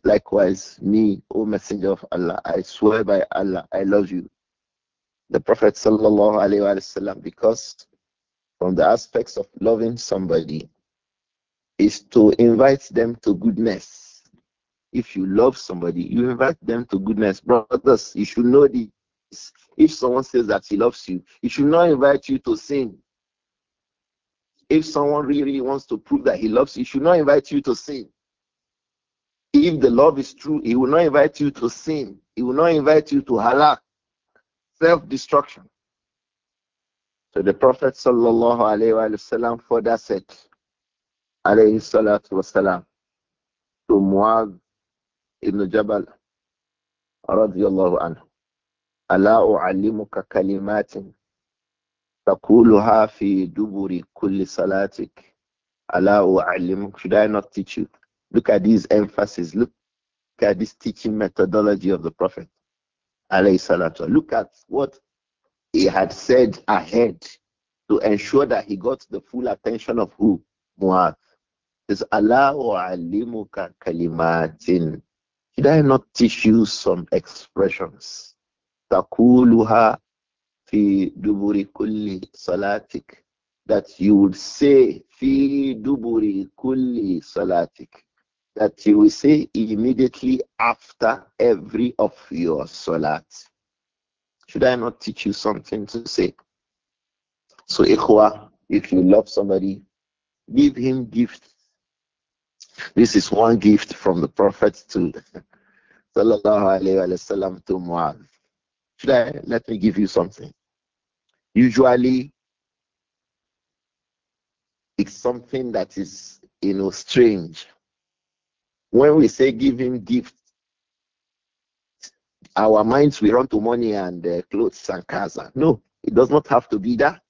Likewise, me, O Messenger of Allah, I swear by Allah, I love you. The Prophet sallallahu alayhi wasallam, because from the aspects of loving somebody is to invite them to goodness. If you love somebody, you invite them to goodness. Brothers, you should know this. If someone says that he loves you, he should not invite you to sin. If someone really wants to prove that he loves you, he should not invite you to sin. If the love is true, he will not invite you to sin. He will not invite you to halak, self destruction. So the Prophet sallallahu alaihi wasallam that said, alayhi salatu wasalam, to Muaz ibn Jabal radiyallahu anhu, ألا أعلمك كلمات تقولها في دبر كل صلاتك ألا أعلمك should I not teach you look at these emphasis look at this teaching methodology of the Prophet alayhi salatu look at what he had said ahead to ensure that he got the full attention of who? Muad. Is Allah alimuka kalimatin. Did I not teach you some expressions? Takuluha fi duburi kulli salatik. That you would say fi duburi kulli salatik. That you will say immediately after every of your salat. Should I not teach you something to say? So, Ikhwa, if you love somebody, give him gifts. This is one gift from the Prophet to Sallallahu Alaihi to Muaz. Should I let me give you something? Usually, it's something that is you know strange. When we say give him gift, our minds will run to money and uh, clothes and cars. No, it does not have to be that.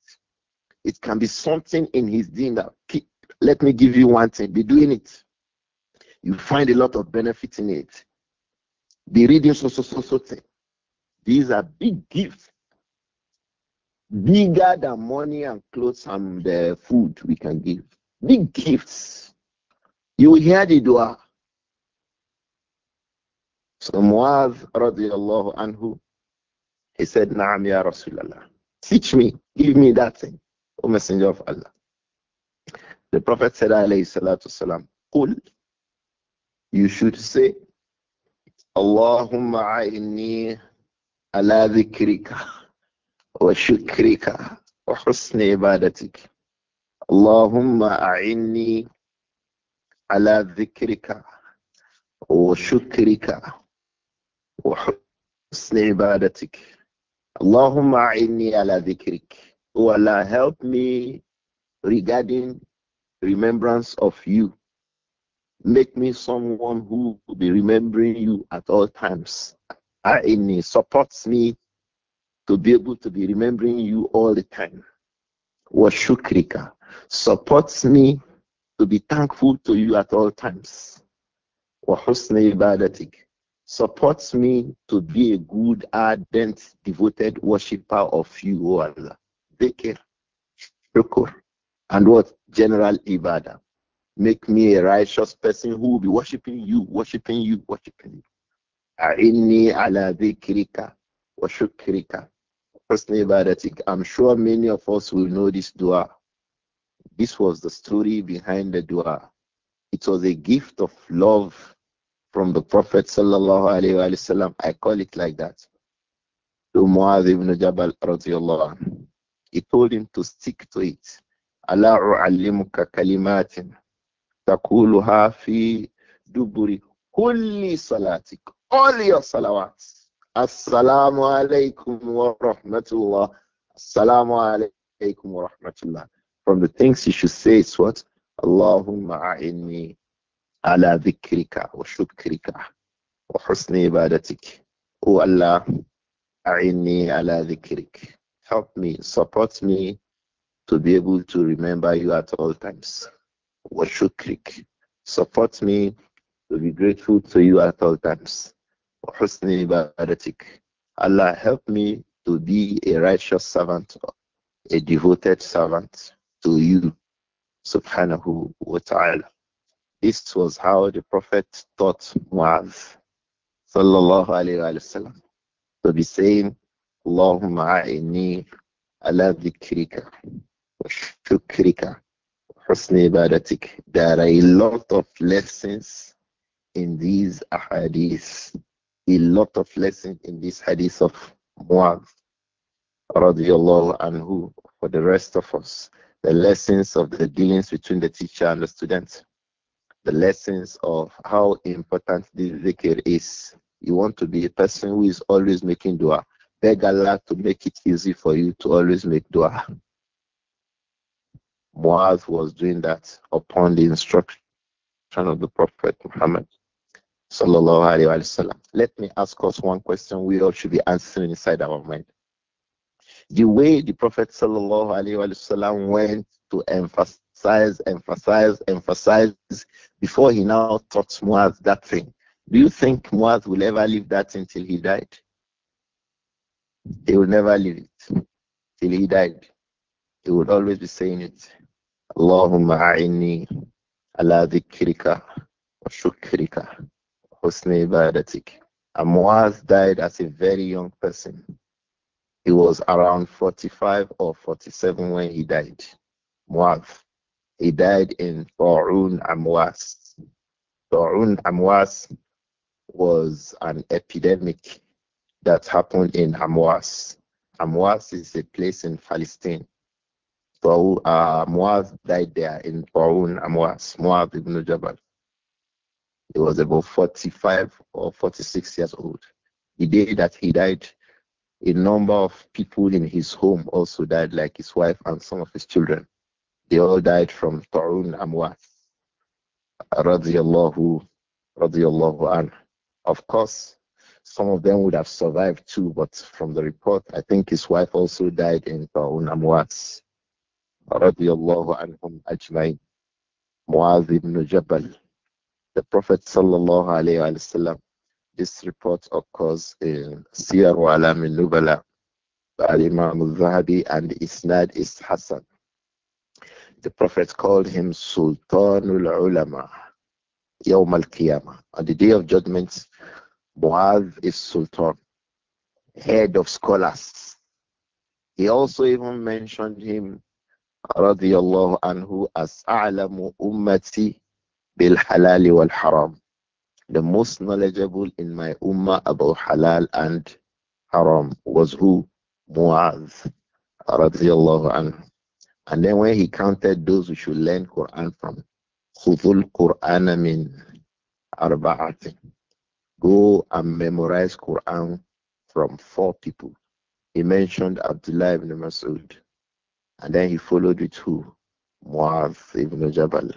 It can be something in his dinner. keep, let me give you one thing. Be doing it. You find a lot of benefit in it. Be reading so so so so thing. These are big gifts, bigger than money and clothes and the uh, food we can give. Big gifts. You hear the door. So Muaz radiallahu anhu, he said, Naam ya Rasulallah. Teach me, give me that thing, O Messenger of Allah. The Prophet said, alayhi salatu salam, Qul, you should say, Allahumma a'inni ala dhikrika wa shukrika wa husni ibadatik. Allahumma a'inni ala dhikrika wa shukrika وحسن عبادتك اللهم أعني على ذكرك Oh Allah, help me regarding remembrance of you. Make me someone who will be remembering you at all times. A'ini supports me to be able to be remembering you all the time. Wa shukrika supports me to be thankful to you at all times. Wa husni supports me to be a good, ardent, devoted worshipper of you, O Allah. Dhikr, shukur, and what? General ibadah. Make me a righteous person who will be worshiping you, worshiping you, worshiping you. A'inni ala dhikrika wa shukrika. I'm sure many of us will know this dua. This was the story behind the dua. It was a gift of love from the Prophet sallallahu alaihi wasallam. I call it like that. To Muadh ibn Jabal radiyallahu he told him to stick to it. Allah u'allimuka kalimatin takuluha fi duburi kulli salatik all your salawats. Assalamu alaykum wa rahmatullah. Assalamu alaykum wa rahmatullah. From the things you should say it's what? Allahumma a'inni ala ذكرك وشكرك وحسن wa husni ibadatik. O Allah, a'inni Help me, support me to be able to remember you at all times. وشكرك Support me to be grateful to you at all times. وحسن husni Allah, help me to be a righteous servant, a devoted servant to you, subhanahu wa ta'ala. This was how the Prophet taught Muaz, sallallahu alayhi wa sallam, to be saying, Allahumma a'inni ala dhikrika wa shukrika husni ibadatik. There are a lot of lessons in these hadiths, a lot of lessons in these hadith of Muaz, radiallahu anhu, for the rest of us, the lessons of the dealings between the teacher and the student the lessons of how important this zikr is. You want to be a person who is always making dua. Beg Allah to make it easy for you to always make dua. Muaz was doing that upon the instruction of the Prophet Muhammad. Let me ask us one question we all should be answering inside our mind. The way the Prophet went to emphasize emphasize, emphasize, emphasize before he now taught Muaz that thing. Do you think Muaz will ever leave that until he died? He will never leave it till he died. He would always be saying it. Allahumma a'inni ala dhikrika wa shukrika husni ibadatik. And Muaz died as a very young person. He was around 45 or 47 when he died. Muaz. He died in Ta'un Amwas. Ta'un Amwas was an epidemic that happened in Amwas. Amwas is a place in Palestine. So uh, died there in Ta'un Amwas, Muaz ibn Jabal. He was about 45 or 46 years old. The day that he died, a number of people in his home also died, like his wife and some of his children. They all died from Ta'un Amwat, radiallahu, radiallahu anhu. Of course, some of them would have survived too, but from the report, I think his wife also died in Ta'un Amwat, radiallahu anhum ajmain. Muaz ibn Jabal, the Prophet sallallahu alayhi wa sallam, this report occurs in Siyar wa Alam al-Nubala, by Imam al-Zahabi, and Isnad is Hassan. The Prophet called him Sultanul Ulama, Yawm al Qiyamah. On the day of judgment, Mu'adh is Sultan, head of scholars. He also even mentioned him, radiallahu anhu, as A'lamu Ummati bil Halal wal Haram, the most knowledgeable in my ummah about halal and haram was who? Mu'adh, radiallahu anhu. And then when he counted those who should learn Quran from, Khudul Quran min arba'atin. Go and memorize Quran from four people. He mentioned Abdullah ibn Mas'ud. And then he followed with who? Mu'adh ibn Jabal.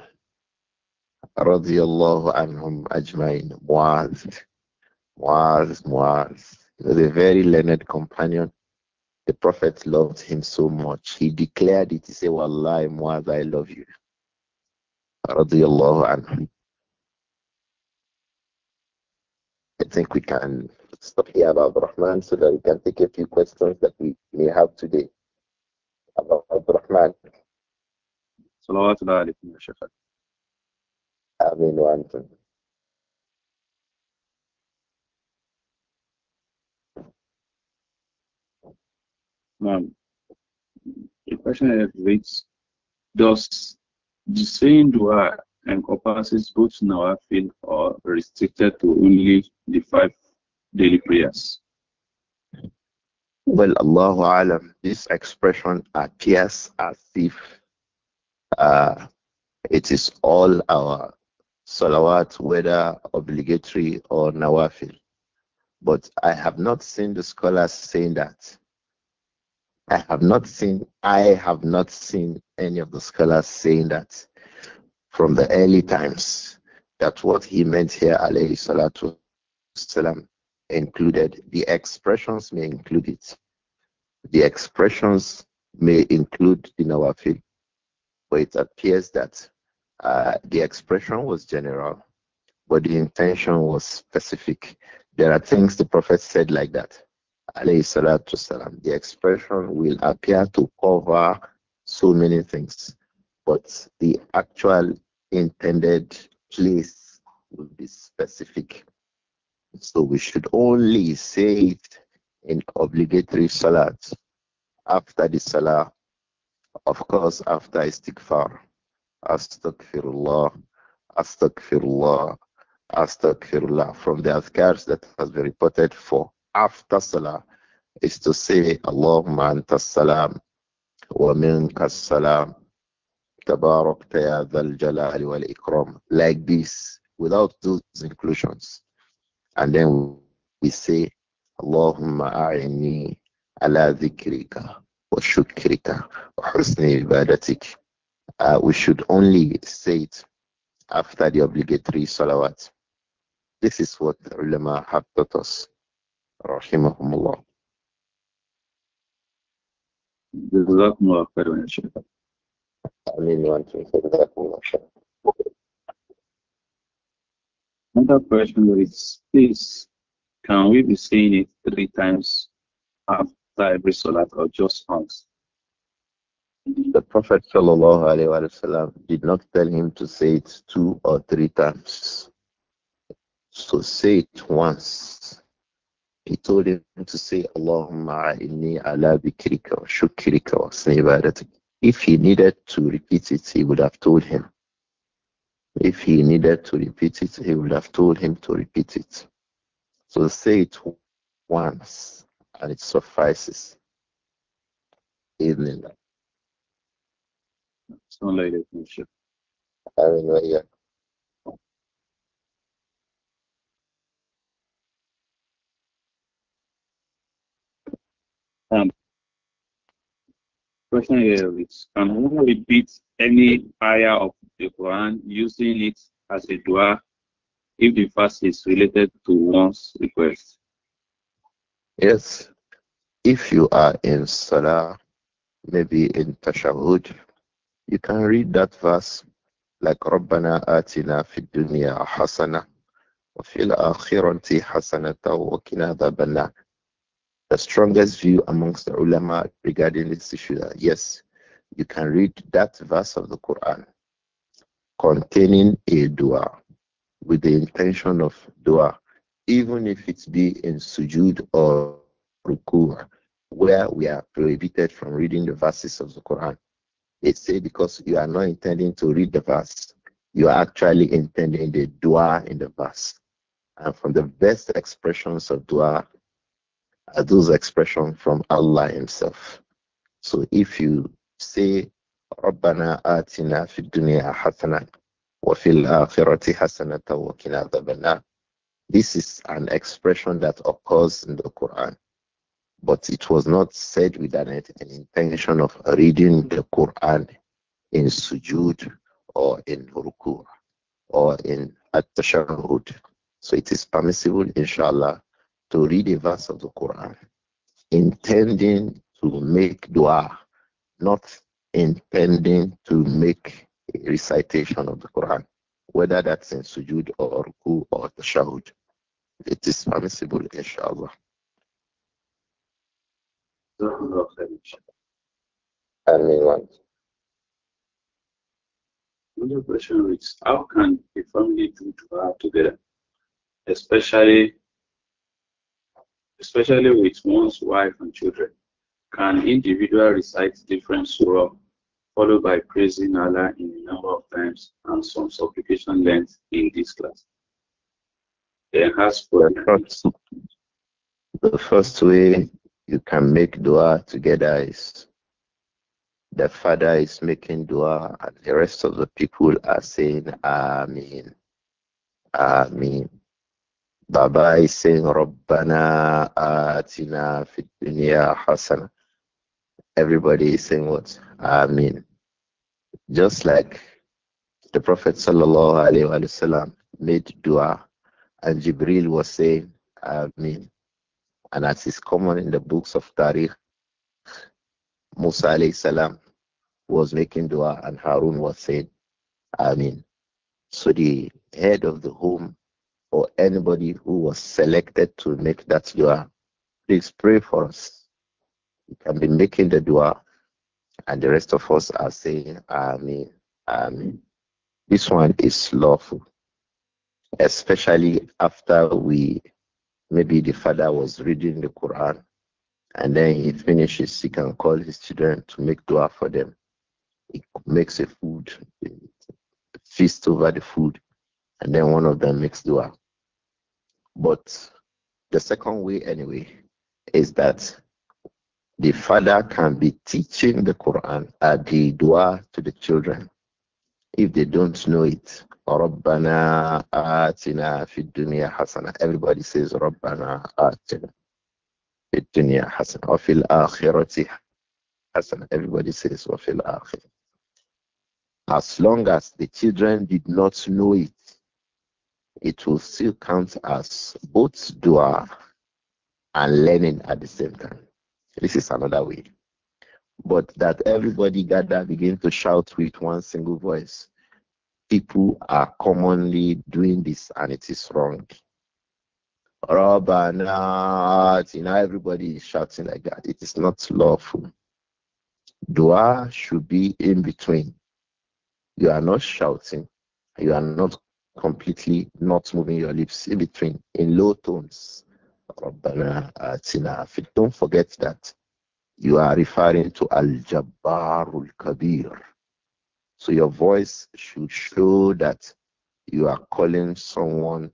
Radiallahu anhum ajmain. Mu'adh. Mu'adh, Mu'adh. He was a very learned companion the Prophet loved him so much. He declared it. He said, Wallahi, Muaz, I love you. anhu. I think we can stop here, about Rahman, so that we can take a few questions that we may have today. about Rahman. صلوات الله عليكم يا شيخ Ma'am, the question is reads Does the saying dua encompasses both nawafil or restricted to only the five daily prayers? Well, Allahu Alam, this expression appears as if uh, it is all our salawat, whether obligatory or nawafil. But I have not seen the scholars saying that. I have not seen I have not seen any of the scholars saying that from the early times that what he meant here alayhi salatu salam included the expressions may include it. The expressions may include the nawafil, but it appears that uh, the expression was general, but the intention was specific. There are things the Prophet said like that alayhi salatu salam, the expression will appear to cover so many things, but the actual intended place will be specific. So we should only say it in obligatory salat after the salah, of course, after istighfar. Astaghfirullah, astaghfirullah, astaghfirullah from the azkars that has been reported for after salah is to say, Allahumma anta salam wa minka salam tabarakta ya dhal jalali wal ikram. Like this, without those inclusions. And then we say, Allahumma a'inni ala dhikrika wa shukrika wa husni ibadatik. Uh, we should only say it after the obligatory salawat. This is what the ulama have taught us. Rahimahumullah. جزاكم الله خيرا يا شيخ امين وانتم جزاكم الله خيرا Another question is this Can we be saying it three times after every salat or just once? The Prophet وسلم, did not tell him to say it two or three times. So say it once. He told him to say, Allahumma inni ala bikrika wa shukrika wa If he needed to repeat it, he would have told him. If he needed to repeat it, he would have told him to repeat it. So say it once and it suffices. Evening. question um, here is Can one repeat any ayah of the Quran using it as a dua if the verse is related to one's request? Yes. If you are in Salah, maybe in Tashahud, you can read that verse like ربنا Atina في hasana حسنة وفي الآخرة حسنة وقنا kina النار the strongest view amongst the ulama regarding this issue that yes, you can read that verse of the Quran containing a dua with the intention of dua, even if it be in sujud or ruku, where we are prohibited from reading the verses of the Quran. They say because you are not intending to read the verse, you are actually intending the dua in the verse. And from the best expressions of dua are those expressions from Allah Himself. So if you say ربنا آتنا في الدنيا wa fil الآخرة حسنة wa kina النار This is an expression that occurs in the Quran, but it was not said with an, an intention of reading the Quran in sujud or in ruku or in at-tashahud. So it is permissible, inshallah, to read a verse of the Quran, intending to make dua, not intending to make a recitation of the Quran, whether that's in sujud or ruku or tashahud. It is permissible, inshallah. I Another question is how can a family do dua together, especially especially with one's wife and children, can individual recite different surah followed by praising Allah in a number of times and some supplication length in this class? The first, the first way you can make dua together is the father is making dua and the rest of the people are saying Amin. Amin. Baba is saying, Rabbana atina fid dunya hasana. Everybody is saying what? Amin. Just like the Prophet sallallahu made dua and Jibril was saying, Amin. And as is common in the books of Tariq, Musa alayhi salam was making dua and Harun was saying, Amin. So the head of the home or anybody who was selected to make that dua, please pray for us. You can be making the dua, and the rest of us are saying, Amen, Amen. This one is lawful, especially after we, maybe the father was reading the Quran and then he finishes, he can call his children to make dua for them. He makes a food, a feast over the food and then one of them makes dua. But the second way, anyway, is that the father can be teaching the Quran at the dua to the children if they don't know it. ربنا atina fid dunya hasana. everybody says atina fid dunya الدنيا حسنة fil akhirati حسنة everybody says fil akhir. as long as the children did not know it it will still count as both dua and learning at the same time. This is another way. But that everybody gather begin to shout with one single voice. People are commonly doing this and it is wrong. Rabbana, you know, everybody is shouting like that. It is not lawful. Dua should be in between. You are not shouting, you are not completely, not moving your lips in between, in low tones. Don't forget that you are referring to Al Jabbarul Kabir. So your voice should show that you are calling someone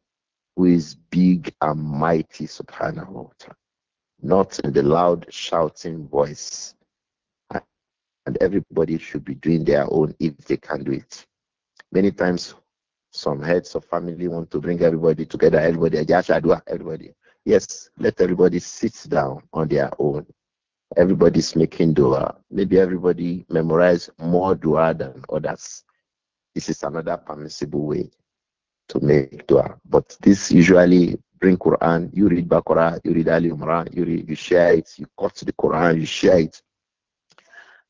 who is big and mighty, subhanahu wa ta'ala, not in the loud shouting voice. And everybody should be doing their own if they can do it. Many times some heads of family want to bring everybody together, everybody, everybody. Yes, let everybody sit down on their own. Everybody's making dua. Maybe everybody memorize more dua than others. This is another permissible way to make dua. But this usually bring Quran, you read Baqarah, you read Ali Imran, you read, you share it, you cut the Quran, you share it,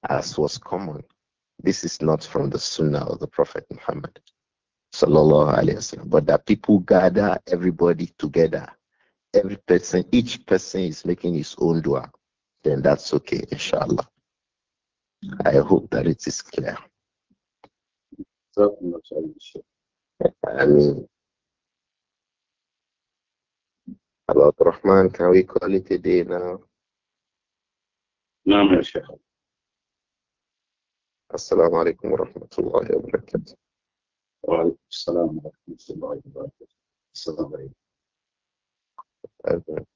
as was common. This is not from the Sunnah of the Prophet Muhammad. But that people gather everybody together. Every person, each person is making his own dua. Then that's okay, inshallah. I hope that it is clear. I mean, about Rahman, can we call it a day now? نعم يا شيخ السلام عليكم ورحمة الله وبركاته وعليكم السلام ورحمة الله وبركاته السلام عليكم